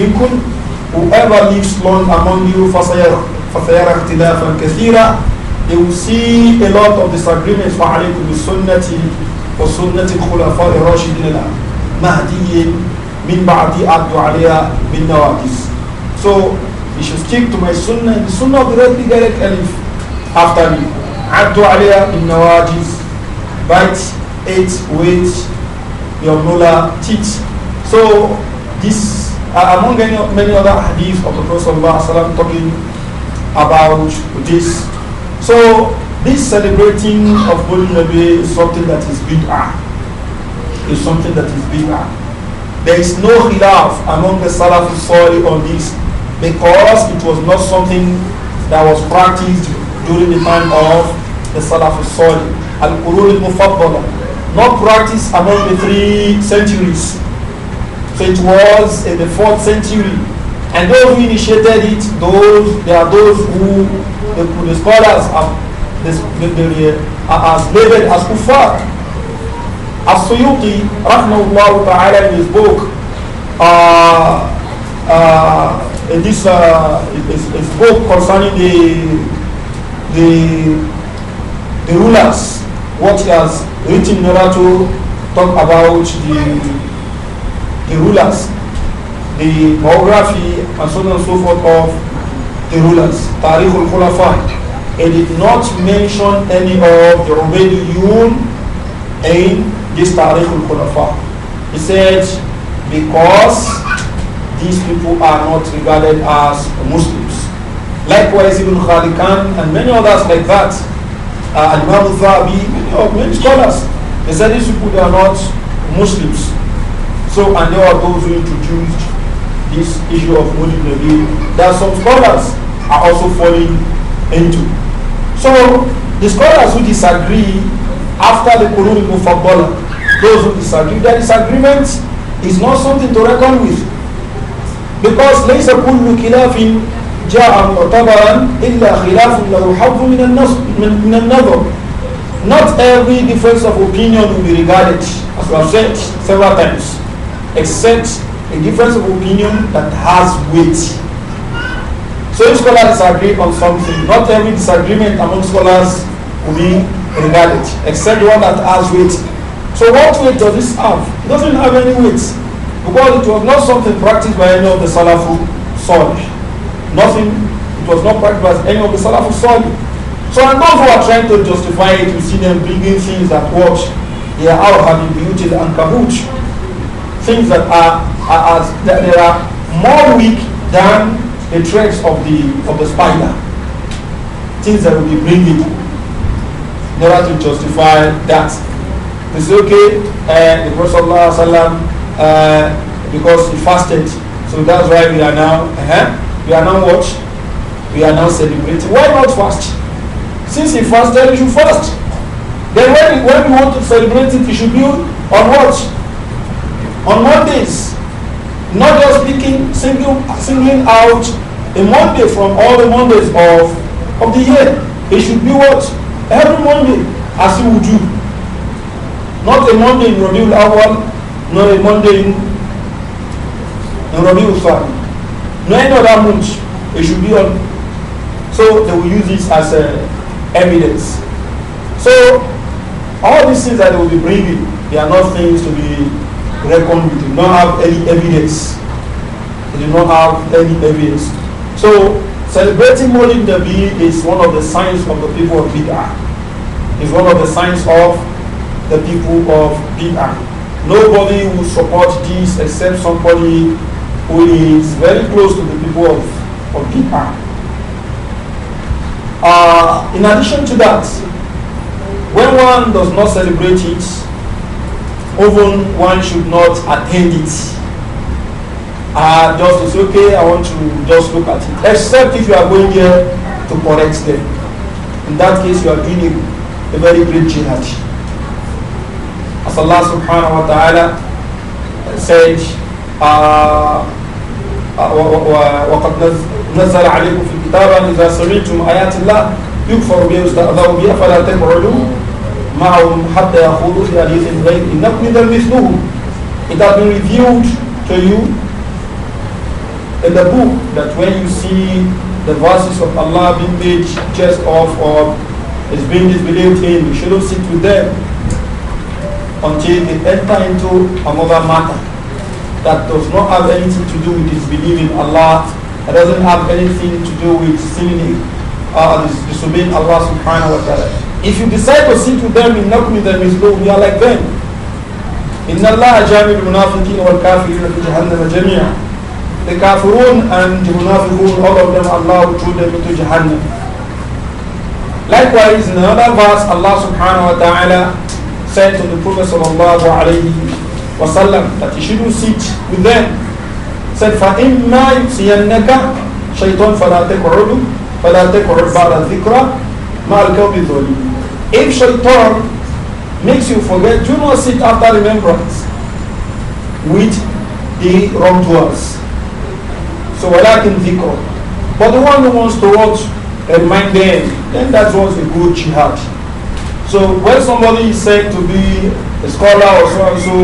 [SPEAKER 1] Whoever lives long among you فَسَيَرَ اخْتِلَافًا كَثِيرًا they will see a lot of disagreements for alaykum sunnati wa sunnati khulafa rashidin al-mahdiyyin min ba'di abdu alayha min nawaqis. So you should stick to my sunnah the sunnah of the right guided caliph after me. Abdu alayha min nawaqis. Bite, eat, wait, your mullah, teach. So this, uh, among many, many other hadith of the Prophet talking about this so this celebrating of Holy Nabi is something that is bid'ah. Is something that is bid'ah. There is no khilaf among the Salaf Salih on this because it was not something that was practiced during the time of the Salaf Salih. Al-Qurun al Not practiced among the three centuries. So it was in the fourth century and those who initiated it, those they are those who the, the scholars have, the, the, are, are labeled as kuffar. As-Suyuti, rahmahullah ta'ala, in his book, uh, uh, in this uh, is his book concerning the, the, the rulers, what he has written in order to talk about the, the rulers the biography and so on and so forth of the rulers, Tariq al-Khulafa. It did not mention any of the Ubaidiyun in this Tariq al-Khulafa. He said, because these people are not regarded as Muslims. Likewise, Ibn Khan and many others like that, uh, Imam Zabi, many, many scholars, they said these people they are not Muslims. So, and there are those who introduced this issue of Mujib Nabi that some scholars are also falling into. So the scholars who disagree after the Qurun Mufabbala, those who disagree, their disagreement is not something to reckon with. Because ليس كل خلاف جاء معتبرا إلا خلاف له حظ من النص من النظر. Not every difference of opinion will be regarded, as we have said several times, except a difference of opinion that has weight. So if scholars disagree on something, not every disagreement among scholars will be regarded, except one that has weight. So what weight does this have? It doesn't have any weight, because it was not something practiced by any of the Salafu Salih. Nothing, it was not practiced by any of the Salafu Salih. So and those who are trying to justify it, you see them bringing things that watch, they are out having beauty and kabuch, things that are are, as there are more weak than the threads of the of the spider. Things that will be bringing in order to justify that. They say, okay, uh, the Prophet uh, because he fasted, so that's why we are now, uh eh, -huh, we are now watch, We are now celebrating. Why not fast? Since he fasted, you should fast. Then when, when we want to celebrate it, we should be on what? On Mondays. Not just picking, single, singling out a Monday from all the Mondays of, of the year. It should be what? Every Monday, as you would do. Not a Monday in Rabiul Awal, not a Monday in, in Rabiul Thani. No any other month. It should be on. So they will use this as uh, evidence. So all these things that they will be bringing, they are not things to be reckoned with not have any evidence. They do not have any evidence. So celebrating Maulid Nabi is one of the signs of the people of Bid'ah. It's one of the signs of the people of Bid'ah. Nobody will support this except somebody who is very close to the people of, of Bid'ah. Uh, in addition to that, when one does not celebrate it, even one should not attend it. Uh, just to say, okay, I want to just look at it. Except if you are going there to correct them. In that case, you are doing a, very great jihad. As Allah subhanahu wa ta'ala said, وقد نزل عليكم في الكتاب إذا سمعتم آيات الله يكفر به ويستهزأ به فلا معهم حتى يخوضوا في حديث غير إنكم إذا مثلهم It has been revealed to you in the book that when you see the verses of Allah being made just off or is being disbelieved in, you shouldn't sit with them until they enter into another matter that does not have anything to do with disbelieving Allah, It doesn't have anything to do with sinning or uh, disobeying Allah subhanahu wa ta'ala. If you decide to sit with them in Nakmi, them is low, we are like them. إن الله جامع المنافقين والكافرين في جهنم جميعا. The kafirun and the munafiqun, all of them, Allah will throw them into Jahannam. Likewise, in another verse, Allah subhanahu wa ta'ala said to the Prophet sallallahu alayhi wa sallam that he shouldn't sit with them. Said, فَإِمَّا يُسِيَنَّكَ شَيْطَانٌ فَلَا تَقْعُدُ فَلَا تَقْعُدْ بَعْدَ الذِّكْرَ مَعَ الْكَوْمِ الظَّالِمِينَ If shaitan makes you forget, do not seek after remembrance with the wrongdoers. So walakin dhikr. But the one who wants to watch and remind them, then that was a good jihad. So when somebody is said to be a scholar or so and so,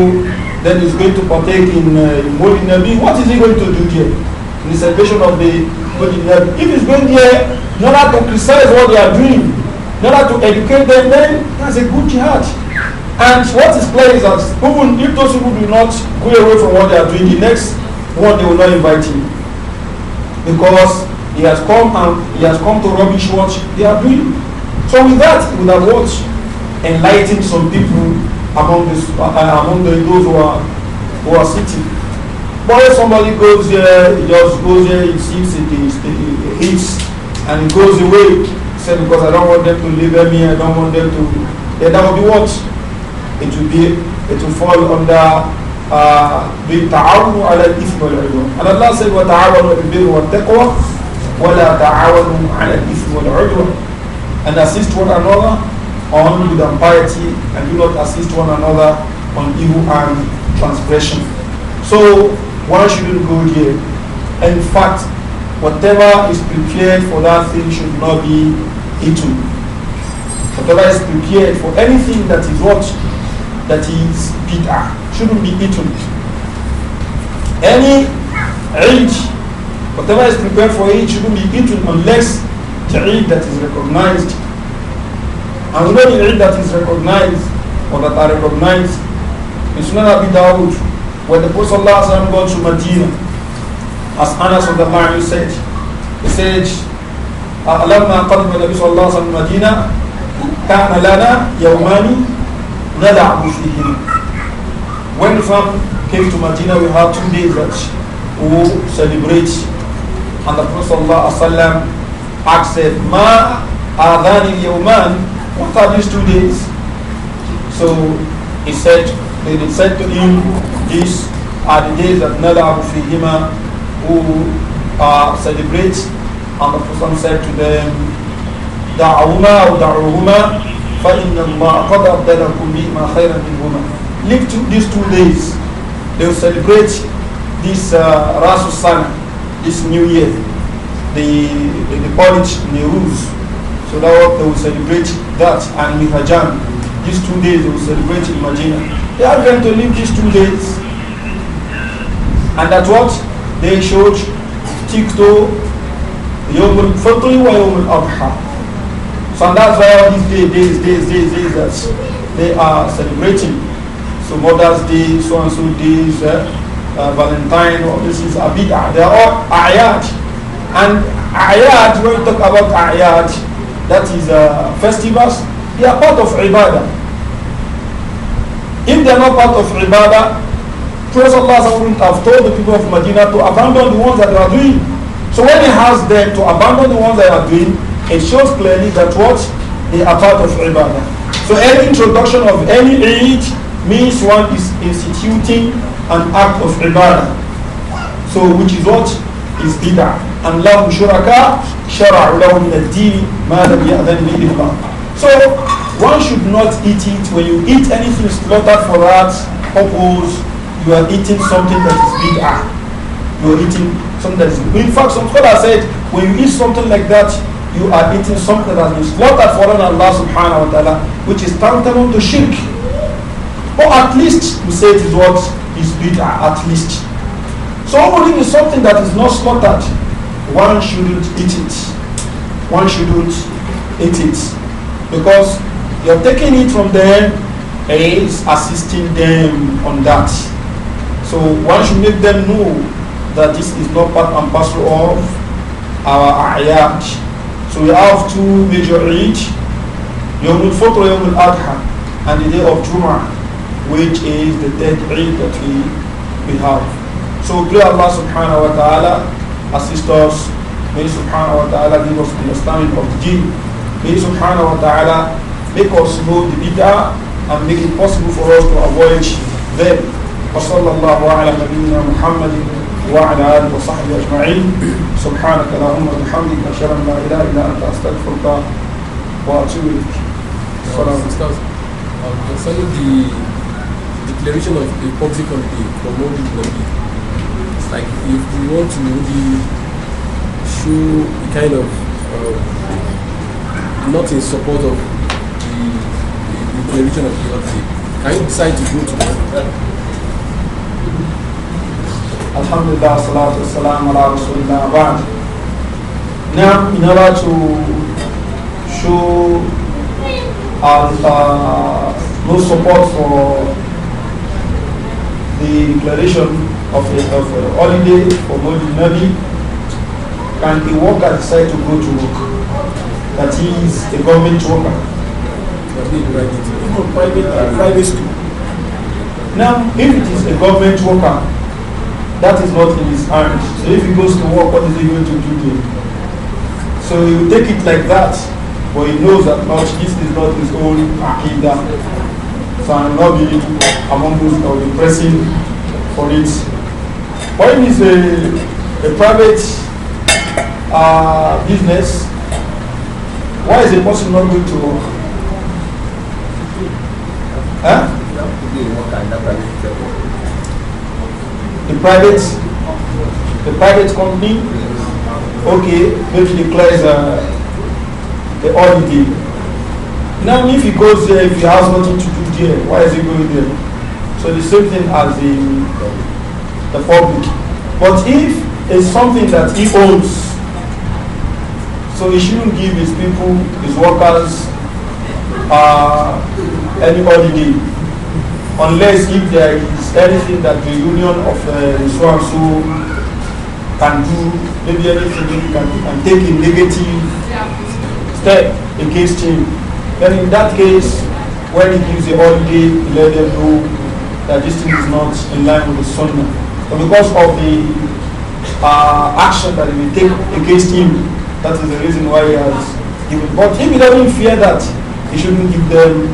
[SPEAKER 1] then he's going to partake in Modi uh, Nabi, what is he going to do there? In the celebration of the Modi Nabi. If he's going there not to criticize what they are doing, in order to educate them, then that's a good jihad. And what is clear is that even if those people do not go away from what they are doing, the next one they will not invite him. Because he has come and he has come to rubbish what they are doing. So with that, we have what enlightened some people among this uh, among the, those who are who are sitting. But if somebody goes there, he just goes there, he sees it, he hits, and he goes away. Say, because I don't want them to label me, I don't want them to. Then that will be what? It will be, it will fall under بالتعاون على الإثم والعدوان. And Allah said, وتعاونوا wa والتقوى ولا تعاونوا على الإثم والعدوان. And assist one another on with impiety and do not assist one another on evil and transgression. So one shouldn't go there. In fact, whatever is prepared for that thing should not be into. Whatever is prepared for anything that is what? That is bitter, shouldn't be eaten. Any Eid, whatever is prepared for Eid shouldn't be eaten unless the Eid that is recognized. And we the Eid that is recognized or that are recognized it's not a Dawud when the Prophet ﷺ got to Medina as Anas of the Marion said, he said, لما قدم النبي صلى الله عليه وسلم المدينة كان لنا يومان ندع فيهم. When the fam came to Medina, we had two days that we celebrate. And the Prophet صلى الله عليه وسلم asked, ما أذان اليومان What are these two days?" So he said, they said to him, "These are the days that ندع فيهما who uh, celebrate And the Prophet said to them, دعوما أو دعوهما فإن الله قد أبدلكم بهما خيرا منهما. Live to these two days. They will celebrate this uh, Rasul Sana, this New Year, the the, the Polish Nehru's. So that what they will celebrate that and Mihajan. These two days they will celebrate in Medina. They are going to live these two days. And that what they should stick to يوم الفطر ويوم الأضحى so that's why all these days, days, days, days, that they are celebrating. So Mother's Day, so and so days, uh, uh, Valentine, all this is Abida. They are all ayat. And ayat, when you talk about ayat, that is uh, festivals, they are part of ibadah. If they are not part of ibadah, Prophet Allah would have told the people of Medina to abandon the ones that they are doing. So when he has them to abandon the ones they are doing, it shows clearly that what they are part of ibadah. So any introduction of any age means one is instituting an act of ibadah. So which is what is bid'ah. And lahum shuraka shara'u lahum min ad-din So one should not eat it. When you eat anything slaughtered for that purpose, you are eating something that is bid'ah. You are eating Sometimes, in fact, some scholars said when you eat something like that, you are eating something that is slaughtered for Allah subhanahu wa ta'ala, which is tantamount to shirk. Or at least we say it is what is bid'ah, at least. So only is something that is not slaughtered, one shouldn't eat it. One shouldn't eat it. Because you're taking it from them and it's assisting them on that. So one should make them know that this is not part and parcel of our ayat. So we have two major Eid, Yomul Fitr, Yawmul Adha, and the day of Jum'ah, which is the third Eid that we, we have. So pray Allah subhanahu wa ta'ala assist us. May subhanahu wa ta'ala give us understanding of the deen. May subhanahu wa ta'ala make us know the bid'ah and make it possible for us to avoid them. وصلى الله على نبينا محمد وعلى آله وصحبه أجمعين سبحانك اللهم وبحمدك أشهد أن لا إله إلا أنت أستغفرك وأتوب إليك السلام Concerning the declaration of a public holiday, promoting holiday, it's like if we want to really show a kind of uh, not in support of the, the declaration of the holiday, can you decide to go to the Alhamdulillah, salatu wassalam, ala rasulillah, abad. Now, in order to show and, uh, no support for the declaration of a, of a holiday for Modi Nabi, can a worker decide to go to work? That he is a government worker. Private, private, uh, private school. Now, if it is a government worker, that is not in his hand. So if he goes to work, what is he going to do there? So he will take it like that, but he knows that not, this is not his own agenda. So I am not going among those that will be pressing for it. When it's a, a private uh, business, why is a person not going to work? Huh? the private the private company okay maybe declares uh, the holiday now if he goes there if he has nothing to do there why is he going there so the same thing as the the public but if it's something that he owns so he shouldn't give his people his workers uh, any holiday unless if there is anything that the union of uh, so can do, maybe anything you can do, and take a negative step against him. Then in that case, when he gives a holiday, he let them know that this thing is not in line with the sunnah. But because of the uh, action that he will take against him, that is the reason why he has given. But he doesn't fear that. He shouldn't give them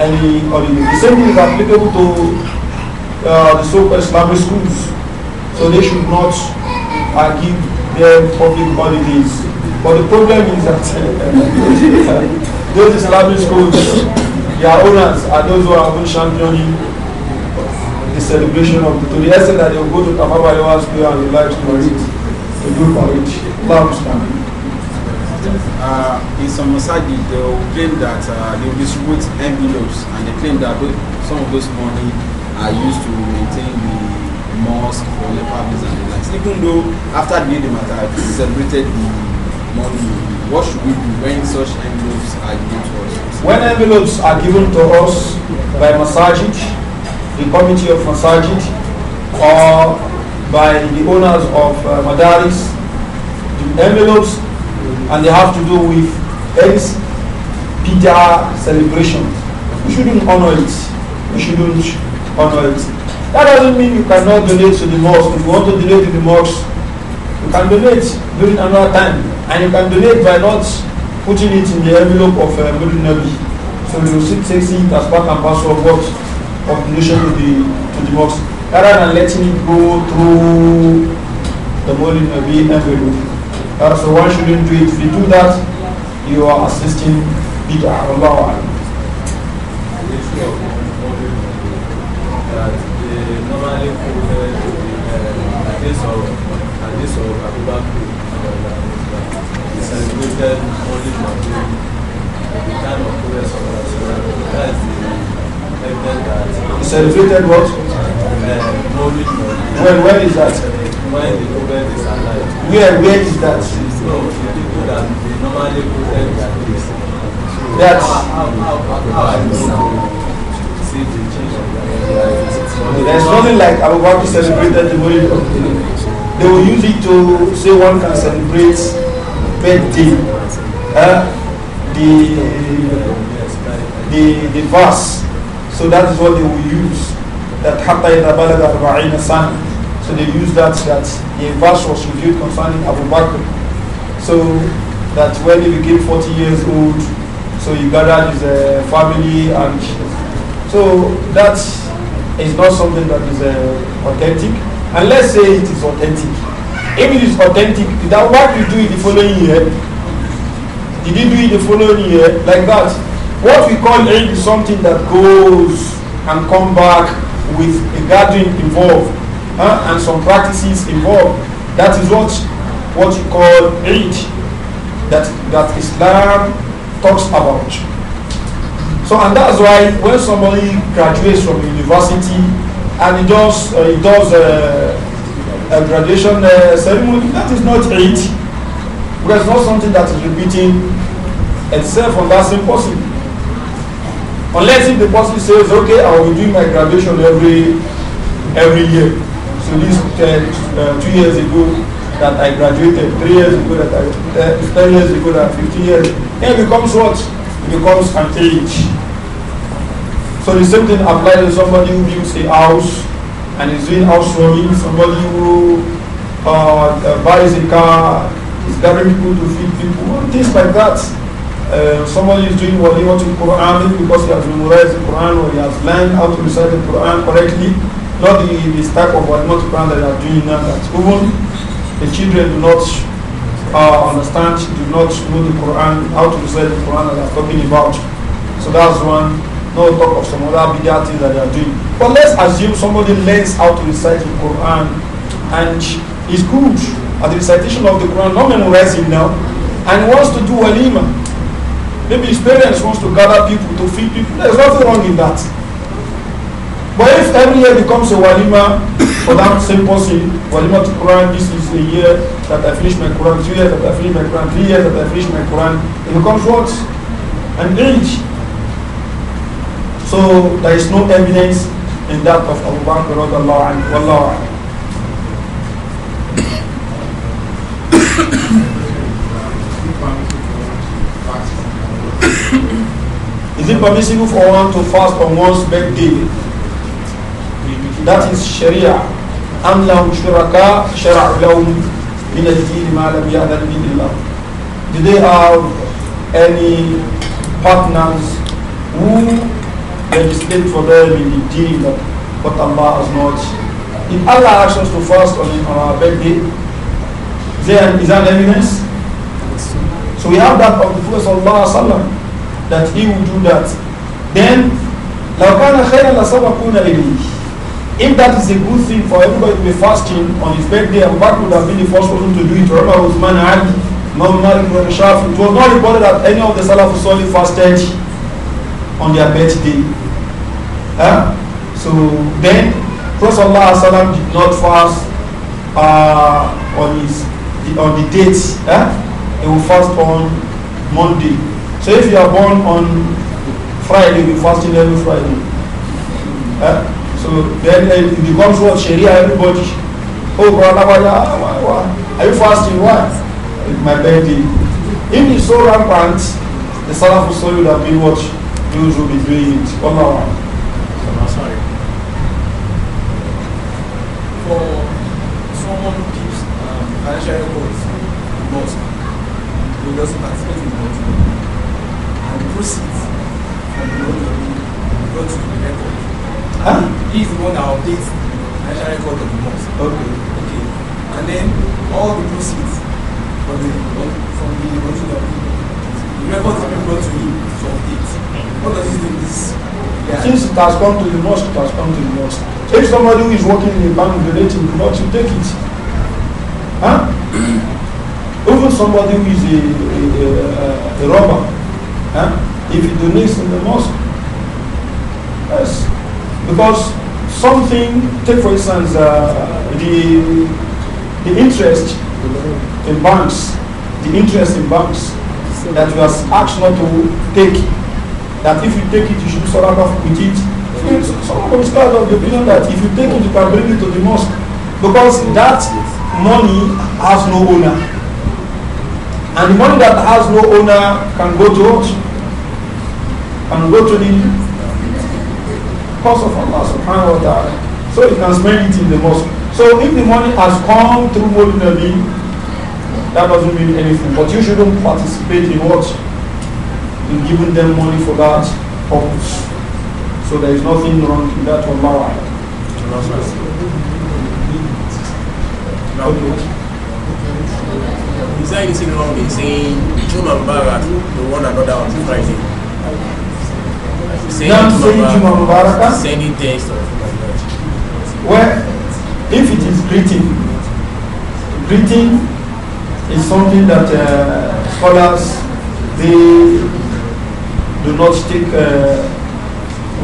[SPEAKER 1] any holiday. The same thing is applicable to uh, the so-called Islamic schools. So they should not uh, give them public holidays. But the problem is that those Islamic schools, their owners are those who are championing the celebration of the, to the that they will go to Kababa school and would like to married, to do for it. Uh, in some masajid they will claim that uh, they will distribute envelopes and they claim that some of those money I used to maintain the mosque for Nepal and the likes. Even though after the day matter, I celebrated the money. What should we do when such envelopes are given to us? When envelopes are given to us by Masajid, the committee of Masajid, or by the owners of uh, Madaris, the envelopes, and they have to do with ex Peter celebration. We shouldn't honor it. We shouldn't that doesn't mean you cannot donate to the mosque. If you want to donate to the mosque, you can donate during another time. And you can donate by not putting it in the envelope of uh, Modern Nabi. So you see taking it as part and parcel of what? Of donation to the, to the mosque. Rather than letting it go through the money Nabi envelope. Uh, so one shouldn't do it. If you do that, you are assisting bid'ah. Allah. Saur and this of Abubakar is celebrated only for the time of progress of That is the that. He celebrated what? Uh, only when, when is that? When the Prophet is alive. Where, where is that? No, the people that they normally protect their place. That's how, how, how, how there's nothing like Abu Bakr celebrated the Maulid of the they will use it to say one can celebrate birthday. Uh, the, the, the verse. So that is what they will use. That حتى إذا بلغ أربعين san. So they use that that the verse was revealed concerning Abu Bakr. So that when he became 40 years old, so he gathered his uh, family and so that is not something that is uh, authentic. And let's say it is authentic. If it is authentic, that what we do in the following year, did you do it the following year like that? What we call it is is something that goes and come back with a gathering involved huh? and some practices involved. That is what what you call Eid that that Islam talks about. So and that's why when somebody graduates from university and he does, uh, he does uh, a graduation uh, ceremony, that is not it. Because it's not something that is repeating itself on that same person. Unless if the person says, okay, I will do my graduation every every year. So this uh, two years ago that I graduated, three years ago that I, uh, ten years ago that, 15 years, it becomes what? It becomes an age. So the same thing applies to somebody who builds a house and is doing housewarming, somebody who uh, uh, buys a car, is gathering people to feed people, things like that. Uh, somebody is doing what he wants to Quran because he has memorized the Quran or he has learned how to recite the Quran correctly, not the, this type of what not Quran that they are doing now that even the children do not uh, understand, do not know the Quran, how to recite the Quran that they are talking about. So that's one no talk of some other bigger thing that they are doing. But let's assume somebody learns how to recite the Quran and is good at the recitation of the Quran, not memorizing now, and wants to do walima. Maybe his parents wants to gather people to feed people. There's nothing wrong in that. But if every year becomes a walima for that same person, walima to Quran, this is a year that I finish my Quran, two years that I finish my Quran, three years that I finish my Quran, it becomes what? An age. So there is no evidence in that of Abu Bakr radiallahu anhu. Wallahu anhu. Is it permissible for one to fast on one's birthday? That is Sharia. أم لهم شركاء شرعوا لهم من الدين ما لم يأذن به الله. Do they have any partners who then it's late for them in the deed that what Allah has not. If Allah actions to fast on, on our birthday, then is that evidence? So we have that of the Prophet Sallallahu that he will do that. Then, لَوْ كَانَ خَيْرًا لَسَبَقُونَ إِلَيْهِ if that is a good thing for everybody to be fasting on his birthday, Abu Bakr would have been the first person to do it. Remember Uthman Ali, Imam Malik ibn Shafi. It was not reported that any of the Salafus Salih fasted on their birthday. Huh? So then Prophet ﷺ did not fast uh, on his on the date. Huh? He will fast on Monday. So if you are born on Friday, you will fasting every Friday. Huh? So then uh, if you come through Sharia everybody. Oh brother, why, why, are you fasting? Why? My birthday. If it's so rampant, the Salaf you that we watch, You should be doing it. Allah. it has come to the mosque, it has come to the mosque. So if somebody who is working in a bank donating blood, you take it. Huh? Even somebody who is a, a, a, a robber, huh? if he donates in the mosque, yes. Because something, take for instance, uh, the, the interest in banks, the interest in banks that was asked not to take that if you take it, you should do salah with it. Some of the of the opinion that if you take it, you can bring it to the mosque. Because that money has no owner. And the money that has no owner can go to what? Can go to the cause of Allah subhanahu wa ta'ala. So you can spend it in the mosque. So if the money has come through Molinabi, that doesn't mean anything. But you shouldn't participate in what? in giving them money for that purpose. So there is nothing wrong in that one. Is there anything wrong in saying Jum to one another on Friday? Saying Jum and Barak? Sending or Well, if it is greeting, greeting is something that uh, scholars, they do not stick uh,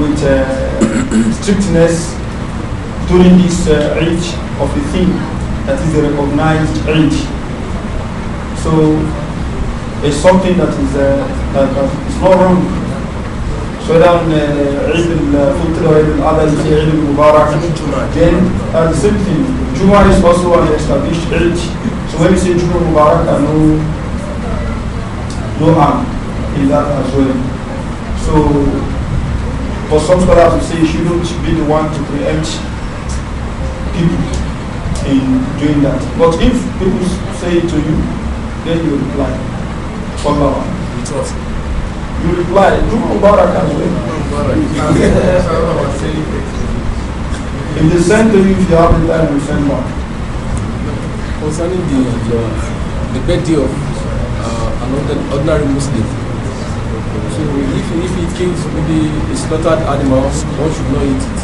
[SPEAKER 1] with uh, strictness during this uh, Eid of the thing that is a recognized age. So it's something that is uh, that, that is not wrong. So then uh, Eid al-Fitr uh, or Eid al-Adha is Eid al-Mubarak. Then uh, the same thing. Juma is also an established Eid. So when you say Juma Mubarak, I know no harm in that as well. So, for some scholars to say you shouldn't be the one to preempt people in doing that. But if people say to you, then you reply. trust." You reply, do Mubarak as well. If they send to you, if you have the time, you send back. Concerning the, uh, the, the petty of uh, an ordinary Muslim, so if, if he kills maybe a slaughtered animal, one should not eat it.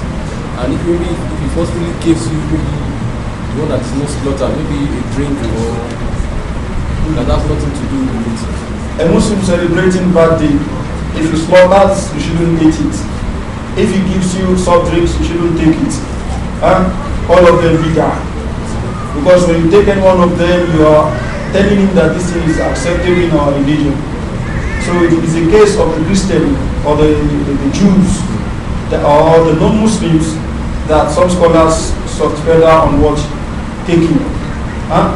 [SPEAKER 1] And if maybe if he forcefully gives you maybe the one that is not slaughtered, maybe a drink or food that has nothing to do with it. A Muslim celebrating birthday, if you slaughter, you shouldn't eat it. If he gives you soft drinks, you shouldn't take it. Huh? All of them bigger. Because when you take any one of them, you are telling him that this thing is acceptable in our religion. So it is a case of the Christian or the, the, the Jews the, or the non-Muslims that some scholars sought further on what taking. Huh?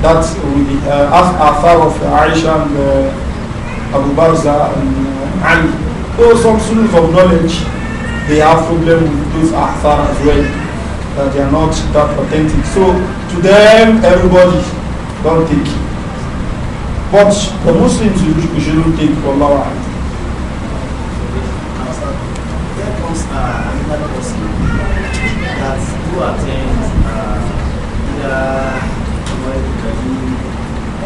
[SPEAKER 1] That with the uh, after of Aisha and uh, Abu Barza and uh, Ali. Though some students of knowledge, they have problem with those afar as well, that they are not that authentic. So to them, everybody don't take But the Muslims, we shouldn't take for Allah. There comes uh, another person that who attends uh, either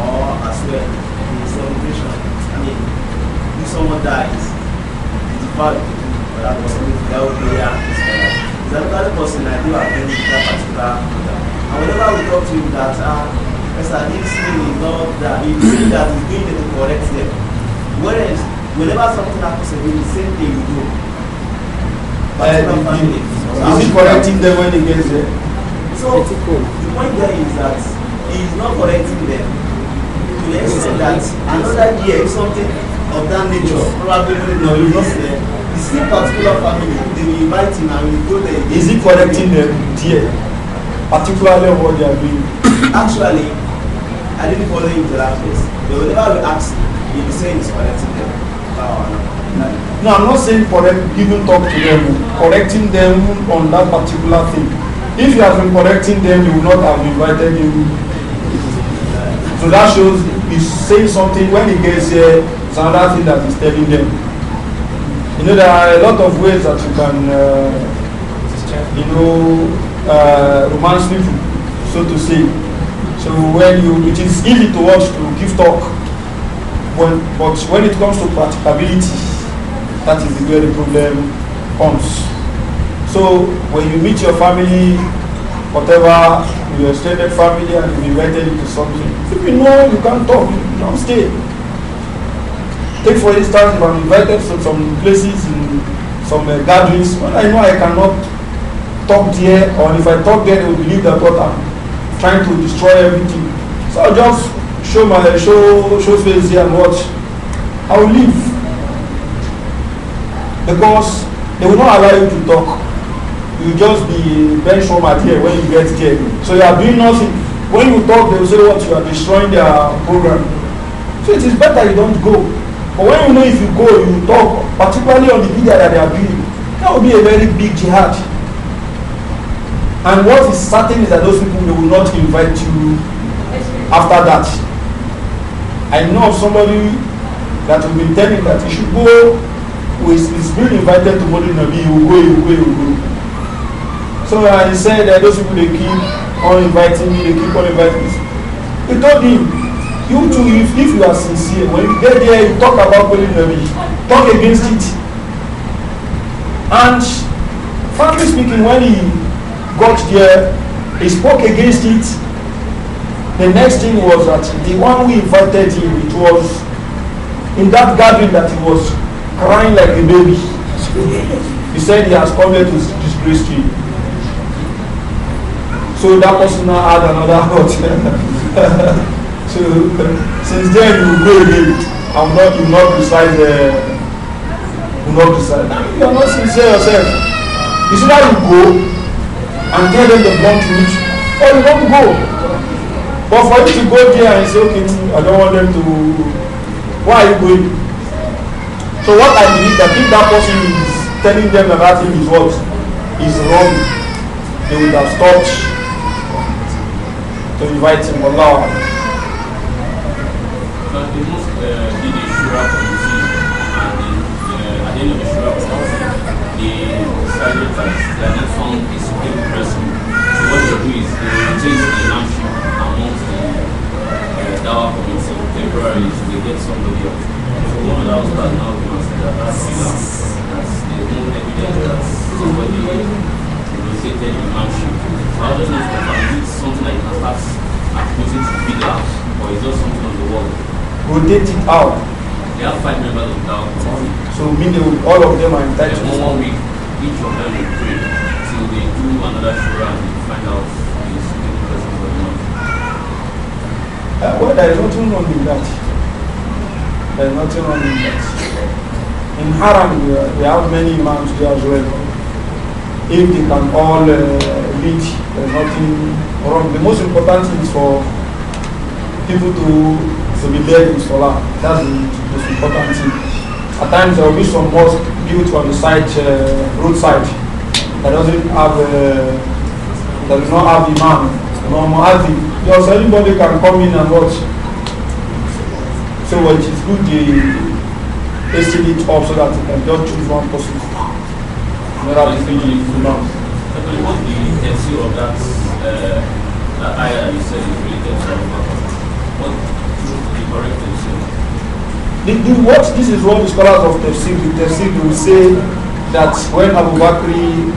[SPEAKER 1] or as well in celebration. I mean, if someone dies, it's bad for that person without prayer. Is that another person I do attend that particular And whenever we talk to him that, uh, professor, if sin is not that, if sin that is doing to correct them. Whereas, whenever something happens to you, the same thing you do. But uh, family, is he correcting them when he gets there? So, the point there is that he is not correcting them. To the extent that another year, if something of that nature, probably no, you lost there, the same particular family, they will invite him and will go there. Is he correcting them there? Particularly what they are doing? Actually, I didn't follow him to that place. They will never ask He the saying is correcting them. No, I'm not saying for them giving talk to them, correcting them on that particular thing. If you have been correcting them, you would not have invited him. So that shows he's saying something when he gets here, it's another thing that he's telling them. You know, there are a lot of ways that you can, uh, you know, uh, romance people, so to say. So when you, it is easy to us to give talk, when, but when it comes to practicability, that is where the problem comes. So when you meet your family, whatever, your extended family, and you invited to something, if you know you can't talk, you don't stay. Take for instance, if I'm invited to some places in some uh, gatherings, when I know I cannot talk there, or if I talk there, they will believe that what I'm trying to destroy everything. So I'll just show my show show face here and watch. I'll leave because they will not allow you to talk. You'll just be bench warmer here when you get there. So you are doing nothing. When you talk, they will say what you are destroying their program. So it is better you don't go. But when you know if you go, you talk, particularly on the media that they are doing, that will be a very big jihad. And what is certain is that those people they will not invite you after that. I know of somebody that will be telling that he should go, who is, is being invited to Modi Nabi, he will go, he will go, he will go. So uh, he said that those people they keep on inviting me, they keep on inviting me. He told him, you too, if, if you are sincere, when you get there, you talk about Modi Nabi, talk against it. And frankly speaking, when he got there, he spoke against it. The next thing was that the one who invited him, it was in that gathering that he was crying like a baby. He said he has come here to disgrace you. So that person now had another hurt. so since then you go again. I'm not you not decide the. Uh, you not decide. You are not sincere yourself. You see that you go and tell them the blunt truth, oh, you want to go. But for you to go there and say, okay, I don't want them to, why are you going? So what I believe that if that person is telling them that that thing is what is wrong, they would have stopped to invite him. Allah. house that now the That's the evidence that somebody So I don't know if Quran is something that you can start attributing to Bida or is there something on the wall. Rotate it out. They have five members of the So meaning all of them are entitled to one week. Each of them will pray till they do another shura and find out who is the person for the month. Uh, well, there is nothing wrong with that. There's nothing wrong in that. In Haram, we, uh, we have many imams there as well. If they can all uh, read, there's nothing wrong. The most important thing is for people to, to be there in Salah. That's the most important thing. At times, there will be some mosque built on the side, uh, roadside that doesn't have, uh, that does not have imam, no muazzin. Just anybody can come in and watch. So it is good they hasten it up so that you can just choose one person. Another person you do not. What the issue of that, uh, that ayah you said is related to What should correct tafsir? The, the, what, this is what the scholars of tafsir, the tafsir will say that when Abu Bakr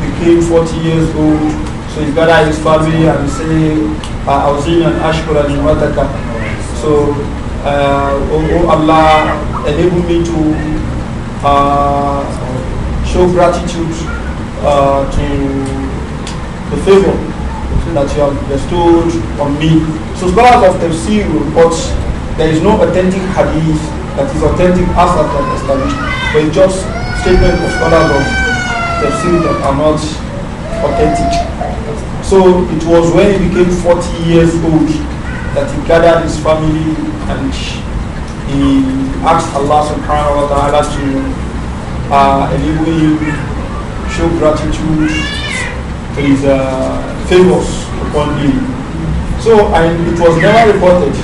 [SPEAKER 1] became 40 years old, so he gathered his family and he said, I was in an in and So uh, oh, oh, Allah, enable me to uh, show gratitude uh, to the favor that you have bestowed on me. So scholars of tafsir but there is no authentic hadith that is authentic as that is established. But it's just statement of scholars of tafsir that are not authentic. So it was when he became 40 years old that he gathered his family and he asked Allah subhanahu wa ta'ala to uh, enable him show gratitude to his uh, favors upon him. So it was never reported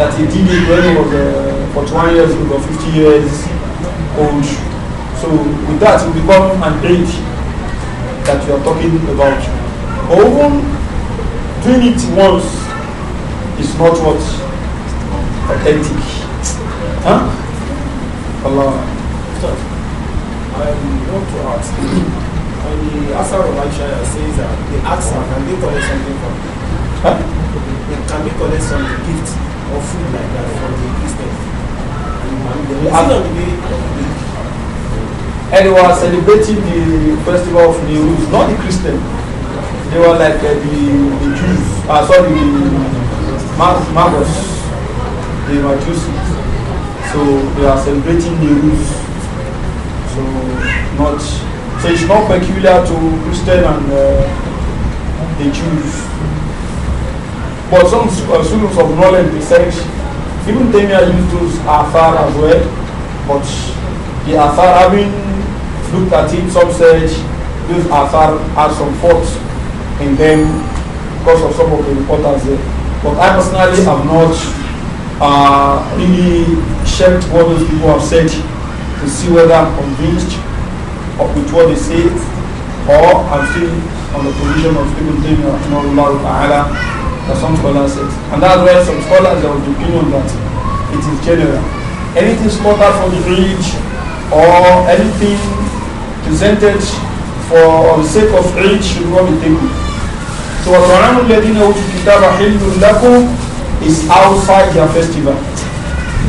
[SPEAKER 1] that he did it when he was uh, years old or 50 years old. So with that it become an age that we are talking about. Or even doing it once is not what? Authentic. Huh? Allah. I want to ask. When the Asar of Aisha says that the Asar can they collect something from Huh? Can they collect some gift or food like that from the Christians? Ah. And they were celebrating the festival of Nehru, not the Christian. They were like uh, the, the Jews, uh, sorry, the, Magos, the Majusi. So they are celebrating News. So not so it's not peculiar to Christian and uh, the Jews. But some uh, students of knowledge research, even are used to Afar as well, but the Afar having looked at it, some said those Afar have some faults in them because of some of the importance. there. But I personally have not uh, really checked what those people have said to see whether I'm convinced of with what they say or I'm still on the position of Ibn Taymiyyah ta'ala that some scholars said, And that's why some scholars are of the opinion that it is general. Anything slaughtered for the bridge or anything presented for the sake of greed should not be taken. O وَطَعَامُ الَّذِينَ أُوتُوا الْكِتَابَ حِلٌّ لَكُمْ is outside their festival.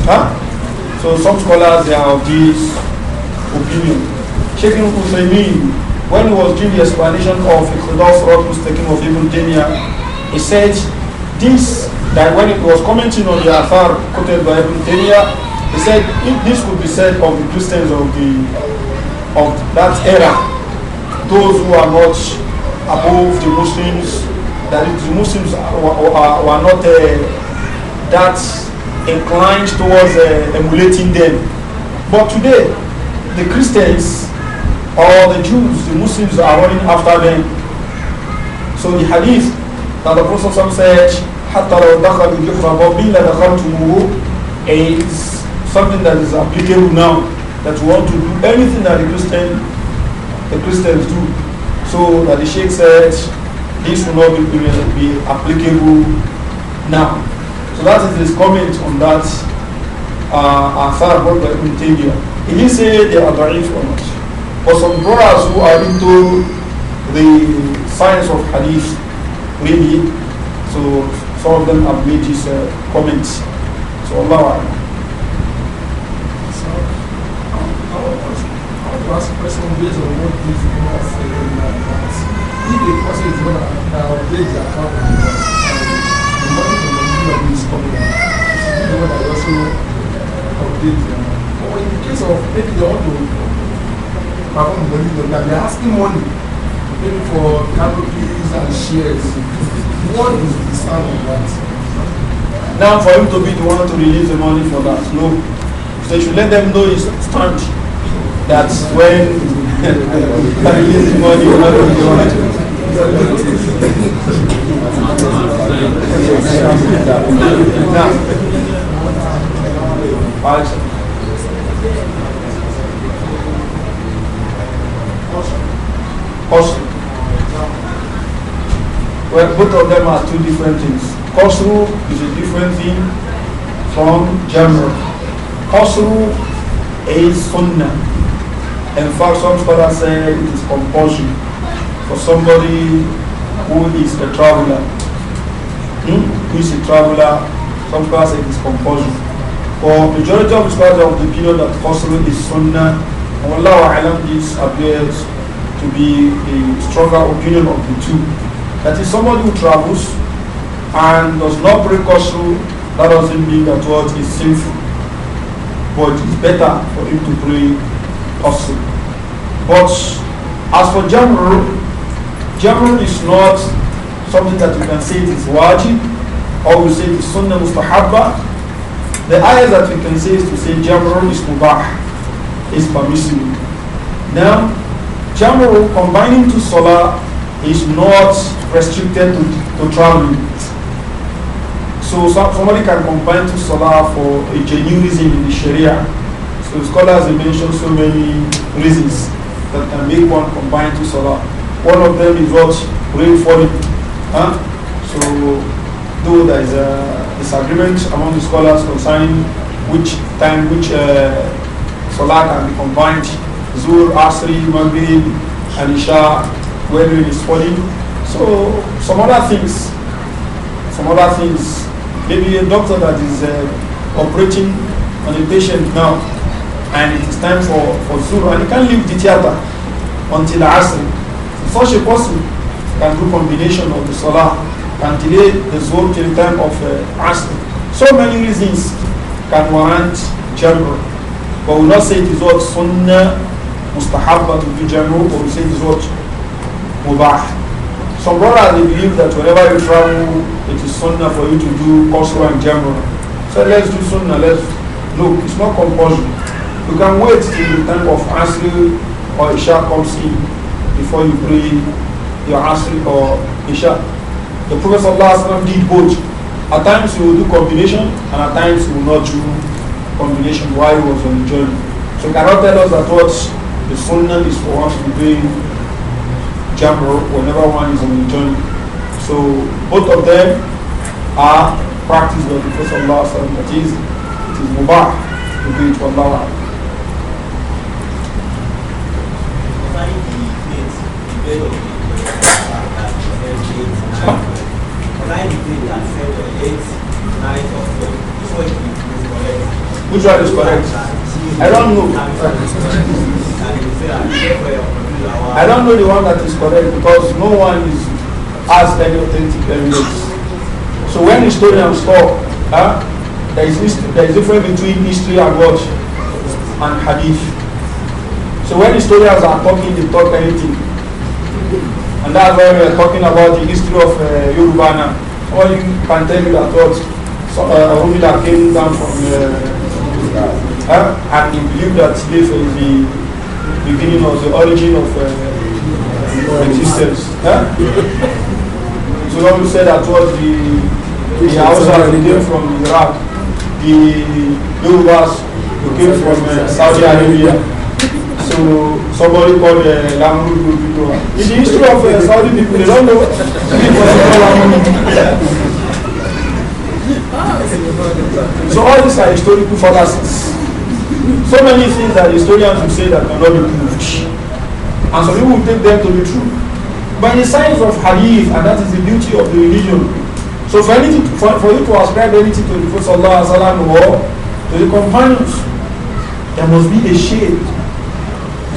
[SPEAKER 1] Huh? So some scholars they are of this opinion. Sheikh Ibn Uthaymeen, when he was giving the explanation of Iqtidaf Surat Mustaqim of Ibn Taymiyyah, he said this, that when it was commenting on the Athar quoted by Ibn Taymiyyah, he said if this could be said of the Christians of the of that era, those who are not above the Muslims, that the Muslims were, were not uh, that inclined towards uh, emulating them. But today, the Christians or the Jews, the Muslims are running after them. So the hadith that the Prophet said, حتى لو دخلوا جحر بابل لدخلتموه is something that is applicable now that you want to do anything that the Christian the Christians do. So that the Sheikh said this will not be, be applicable now. So that is his comment on that uh, Athar brought by Ibn Taymiyyah. He didn't say they are da'if or not. But some brothers who are into the science of hadith, really, so some of them have made this uh, comment. So Allah because person based on what this woman said in that If the person is going to the account and the money from the money the one that also update them. in the case of maybe they want to perform money loan, they're asking money maybe for canopies and shares. What is the sound of that? Now for him to be the one to release the money for that, no. So you should let them know his stand. That's when you are releasing money, you're not going to want to. Now, Well, both of them are two different things. Qasru is a different thing from general. Qasru is Sunnah. In fact, some scholars say it is compulsory for somebody who is a traveler. Hmm? Who is a traveler, some scholars say it is compulsory. For majority of scholars of the period that possible is sunnah, and Allah alam, this appears to be a stronger opinion of the two. That is somebody who travels and does not break us that doesn't mean that what is sinful. But it's better for him to pray possible. But as for rule, Jamru is not something that we can say it is wajib or we say it is sunnah mustahabba. The ayah that we can say is to say Jamru is mubah, is permissible. Now, Jamru combining to salah is not restricted to, to traveling. So somebody can combine to Salah for a genuine reason in the Sharia. So scholars have mentioned so many reasons that can make one combine two salah. One of them is what? rainfall, Huh? So, though there is a disagreement among the scholars concerning which time, which uh, salah can be combined, Zur, Asri, Maghrib, and Isha, when rain falling. So, some other things, some other things. Maybe a doctor that is uh, operating on a patient now and it is time for, for Zuhr, and you can't leave the theater until Asr. Such a person can do combination of the Salah and delay the Zuhr till the time of uh, Asr. So many reasons can warrant Jabr. But we will not say it is what Sunnah mustahabba to do Jabr, but we say it is what Mubah. Some brothers they believe that whenever you travel, it is Sunnah for you to do Qasr and Jabr. So let's do Sunnah, let's look, it's not compulsory. You can wait till the time of Asr or Isha comes in before you pray your Asr or Isha. The Prophet ﷺ did both. At times he will do combination and at times he will not do combination while he was on the journey. So you cannot tell us that what the sunnah is for us to be jamr whenever one is on the journey. So both of them are practiced by the Prophet that is, it is mubah to do it for Allah. Which one is correct? I don't know. I don't know the one that is correct because no one is asked any authentic evidence. So when historians talk, huh, there is there is difference between history and what and hadith. So when historians are talking, they talk anything. And that's why we are talking about the history of uh, Yoruba now. All you can tell you that what so, uh, that came down from uh, uh, and you believe that this is the beginning of the origin of uh, existence. Huh? so when we say that was the, the Hausa came from Iraq, the Yorubas came from uh, Saudi Arabia. So somebody called the Lamu people. In the history of uh, Saudi people, they don't know So all these are historical fallacies. So many things that historians will say that cannot be proved. And some people will take them to be true. But the science of hadith, and that is the beauty of the religion. So for, anything, for, for you to ascribe anything to the Prophet or to the companions, there must be a shade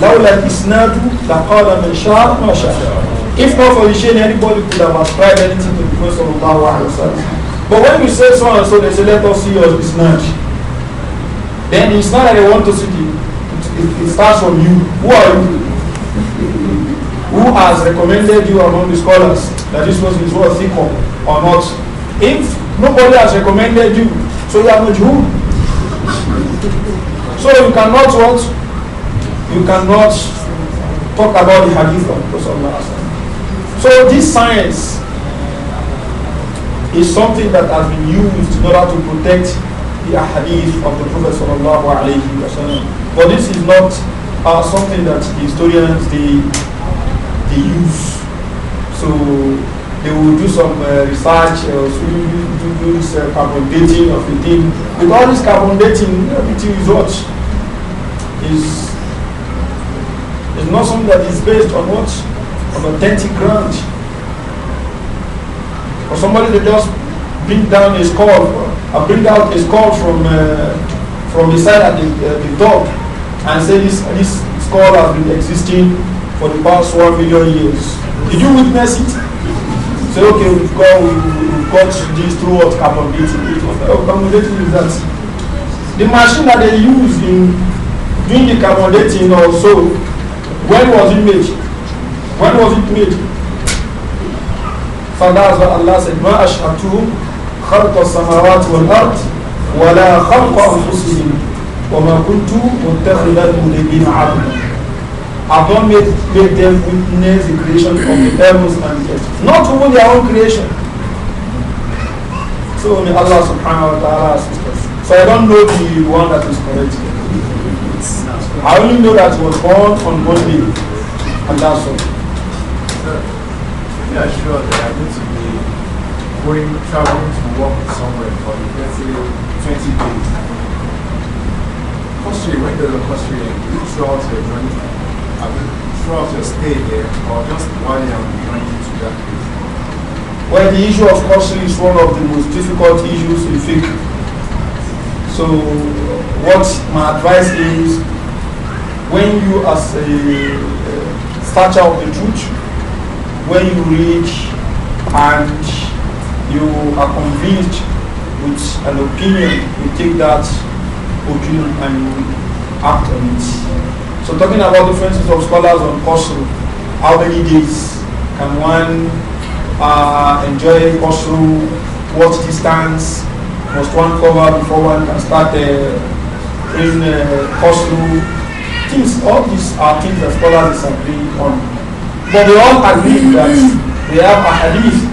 [SPEAKER 1] Lawla isnadu laqala man sha'a ma sha'a. If not for the shame, anybody could have ascribed anything to the Prophet sallallahu alaihi wasallam. But when you say so and so, they say, let us see your isnad. Then it's not that they want to see the, it, it starts from you. Who are you? Who has recommended you among the scholars that this was his worth equal or not? If nobody has recommended you, so you are not you. So you cannot want. you cannot talk about the hadith of Prophet. So this science is something that has been used in order to protect the hadith of the Prophet But this is not uh, something that the historians they they use. So they will do some uh, research, uh, so you, do this uh, carbon dating of the thing. With all this carbon dating, everything is what is it's not something that is based on what? On authentic ground. Or somebody that just bring down a skull, or bring out a skull from uh, from the side at the, uh, the top, and say this this skull has been existing for the past one million years. Did you witness it? Say okay, we've got we, have got this through what carbon dating. Carbon dating is that the machine that they use in doing the carbon dating also when was it made? When was it made? فَلَا Allah said, مَا أَشْهَدْتُهُمْ خَلْقَ السَّمَاوَاتِ وَالْأَرْضِ وَلَا خَلْقَ أَنفُسِهِمْ وَمَا كُنْتُ مُتَّخِذَ الْمُذِنِينَ عَبْدًا I've not made, made them witness the creation of the heavens and the earth. Not only their own creation. So may Allah subhanahu wa ta'ala assist us. So I don't know the one that is correct. I only know that we're born on Monday, and that's all. Sir, we are sure that you're going to be going traveling to work somewhere for let's say 20 days. Firstly, when you're in country, you your journey, I mean, throughout your stay there, or just while you're journey to that place. Well, the issue of costly is one of the most difficult issues in fiqh. So what my advice is when you as a starter of the truth, when you read and you are convinced with an opinion, you take that opinion and you act on it. So talking about differences of scholars on Qasr, how many days can one uh, enjoy Qasr, what distance must one cover before one can start uh, in uh, Oslo. Things, all these are things that scholars disagree on. But they all agree that they have a hadith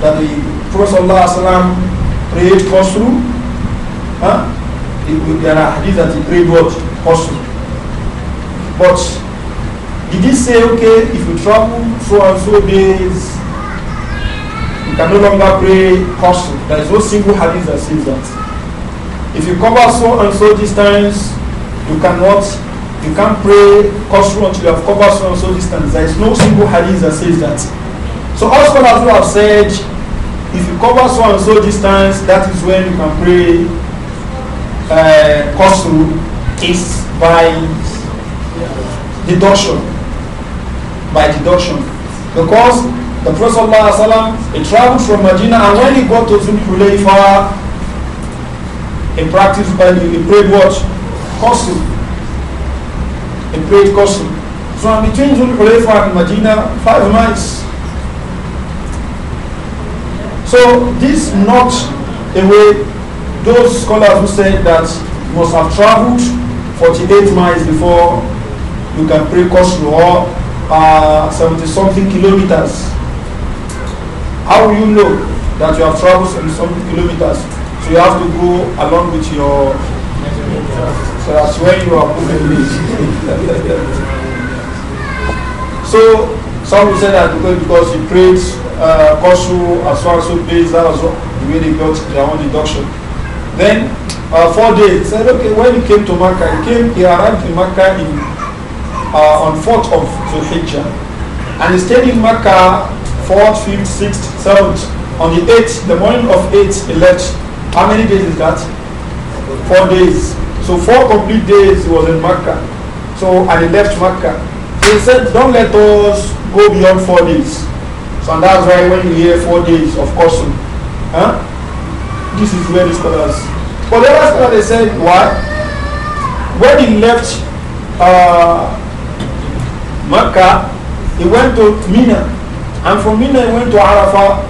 [SPEAKER 1] that the Prophet ﷺ prayed Qasrul. Huh? There are hadith that he prayed what? Qasru. But did he say, okay, if you travel so and so days, you can no longer pray Qasrul"? There is no single hadith that says that if you cover so and so distance, you cannot, you can't pray Qasr until you have covered so and so distance. There is no single hadith that says that. So all scholars we have said, if you cover so and so distance, that is when you can pray uh, Qasr is by deduction. By deduction. Because the Prophet ﷺ, he traveled from Medina and when he got to Zulhulayfa, practiced by he prayed what? Cursing. He prayed cursing. So I'm between Zulhulayfa and Medina, five miles. So this not a way those scholars who say that you must have traveled 48 miles before you can pray Kosru or uh, 70 something kilometers. How will you know that you have traveled 70 something kilometers? So you have to go along with your so that's when you are moving this. so some will say that because he prayed uh, Kosu as well so that was the way they got their own deduction. Then uh, four days, said okay, when he came to Makkah, he came, he arrived in Makkah in uh, on 4th of Zulhijjah. And he stayed in Makkah 4th, 5th, 6th, 7th. On the 8th, the morning of 8th, he left how many days is that? Four days. So four complete days he was in Mecca. So and he left Mecca. they he said, don't let us go beyond four days. So and that's why when you hear four days of caution, huh? this is where the scholars. But the other scholar they said, why? When he left uh, Mecca, he went to Mina, and from Mina he went to Arafah.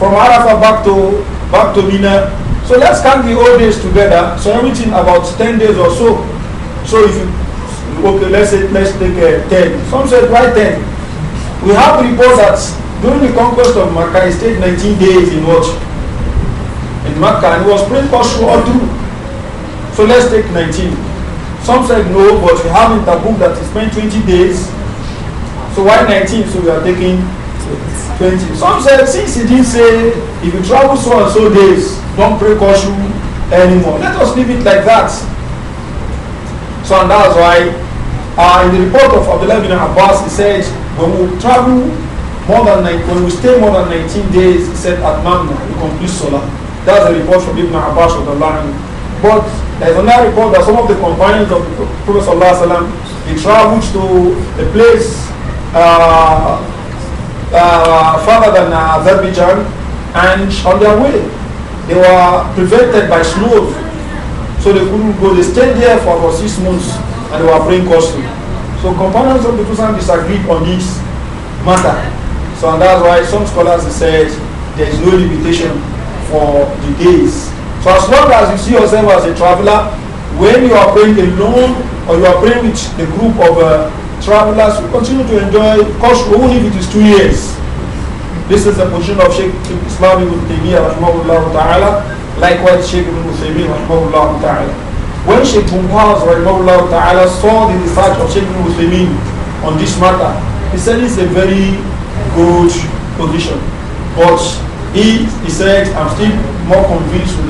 [SPEAKER 1] From Arafah back to back to Mina, so let's count the old days together. So everything about 10 days or so. So if you, okay, let's say, let's take uh, 10. Some said, why 10? We have reports that during the conquest of Makkah, he stayed 19 days in what? In Makkah, and was pretty for sure all through. So let's take 19. Some said no, but we have in the book that he spent 20 days. So why 19? So we are taking some said, since he didn't say, if you travel so and so days, don't pray caution anymore. Let us leave it like that. So, and that's why uh, in the report of Abdullah bin Abbas, he said, when we travel more than when we stay more than 19 days, he said, at Mamna, we complete Salah. That's the report from Ibn Abbas of the line. But there's another report that some of the companions of the Prophet, they traveled to a place uh, uh, Farther than uh, Azerbaijan and on their way. They were prevented by snow. So they couldn't go. They stayed there for about six months and they were praying costly. So companions of the Tusan disagreed on this matter. So and that's why some scholars said there is no limitation for the days. So as long as you see yourself as a traveler, when you are praying alone or you are praying with the group of uh, travelers will continue to enjoy kosher only if it is two years. This is the position of Sheikh Islam ibn Taymiyyah ta'ala, likewise Sheikh ibn Uthaymeen rahmahullah ta'ala. When Sheikh Mumbaz ta'ala saw the research of Sheikh ibn Uthaymeen on this matter, he said it's a very good position. But he, he said, I'm still more convinced with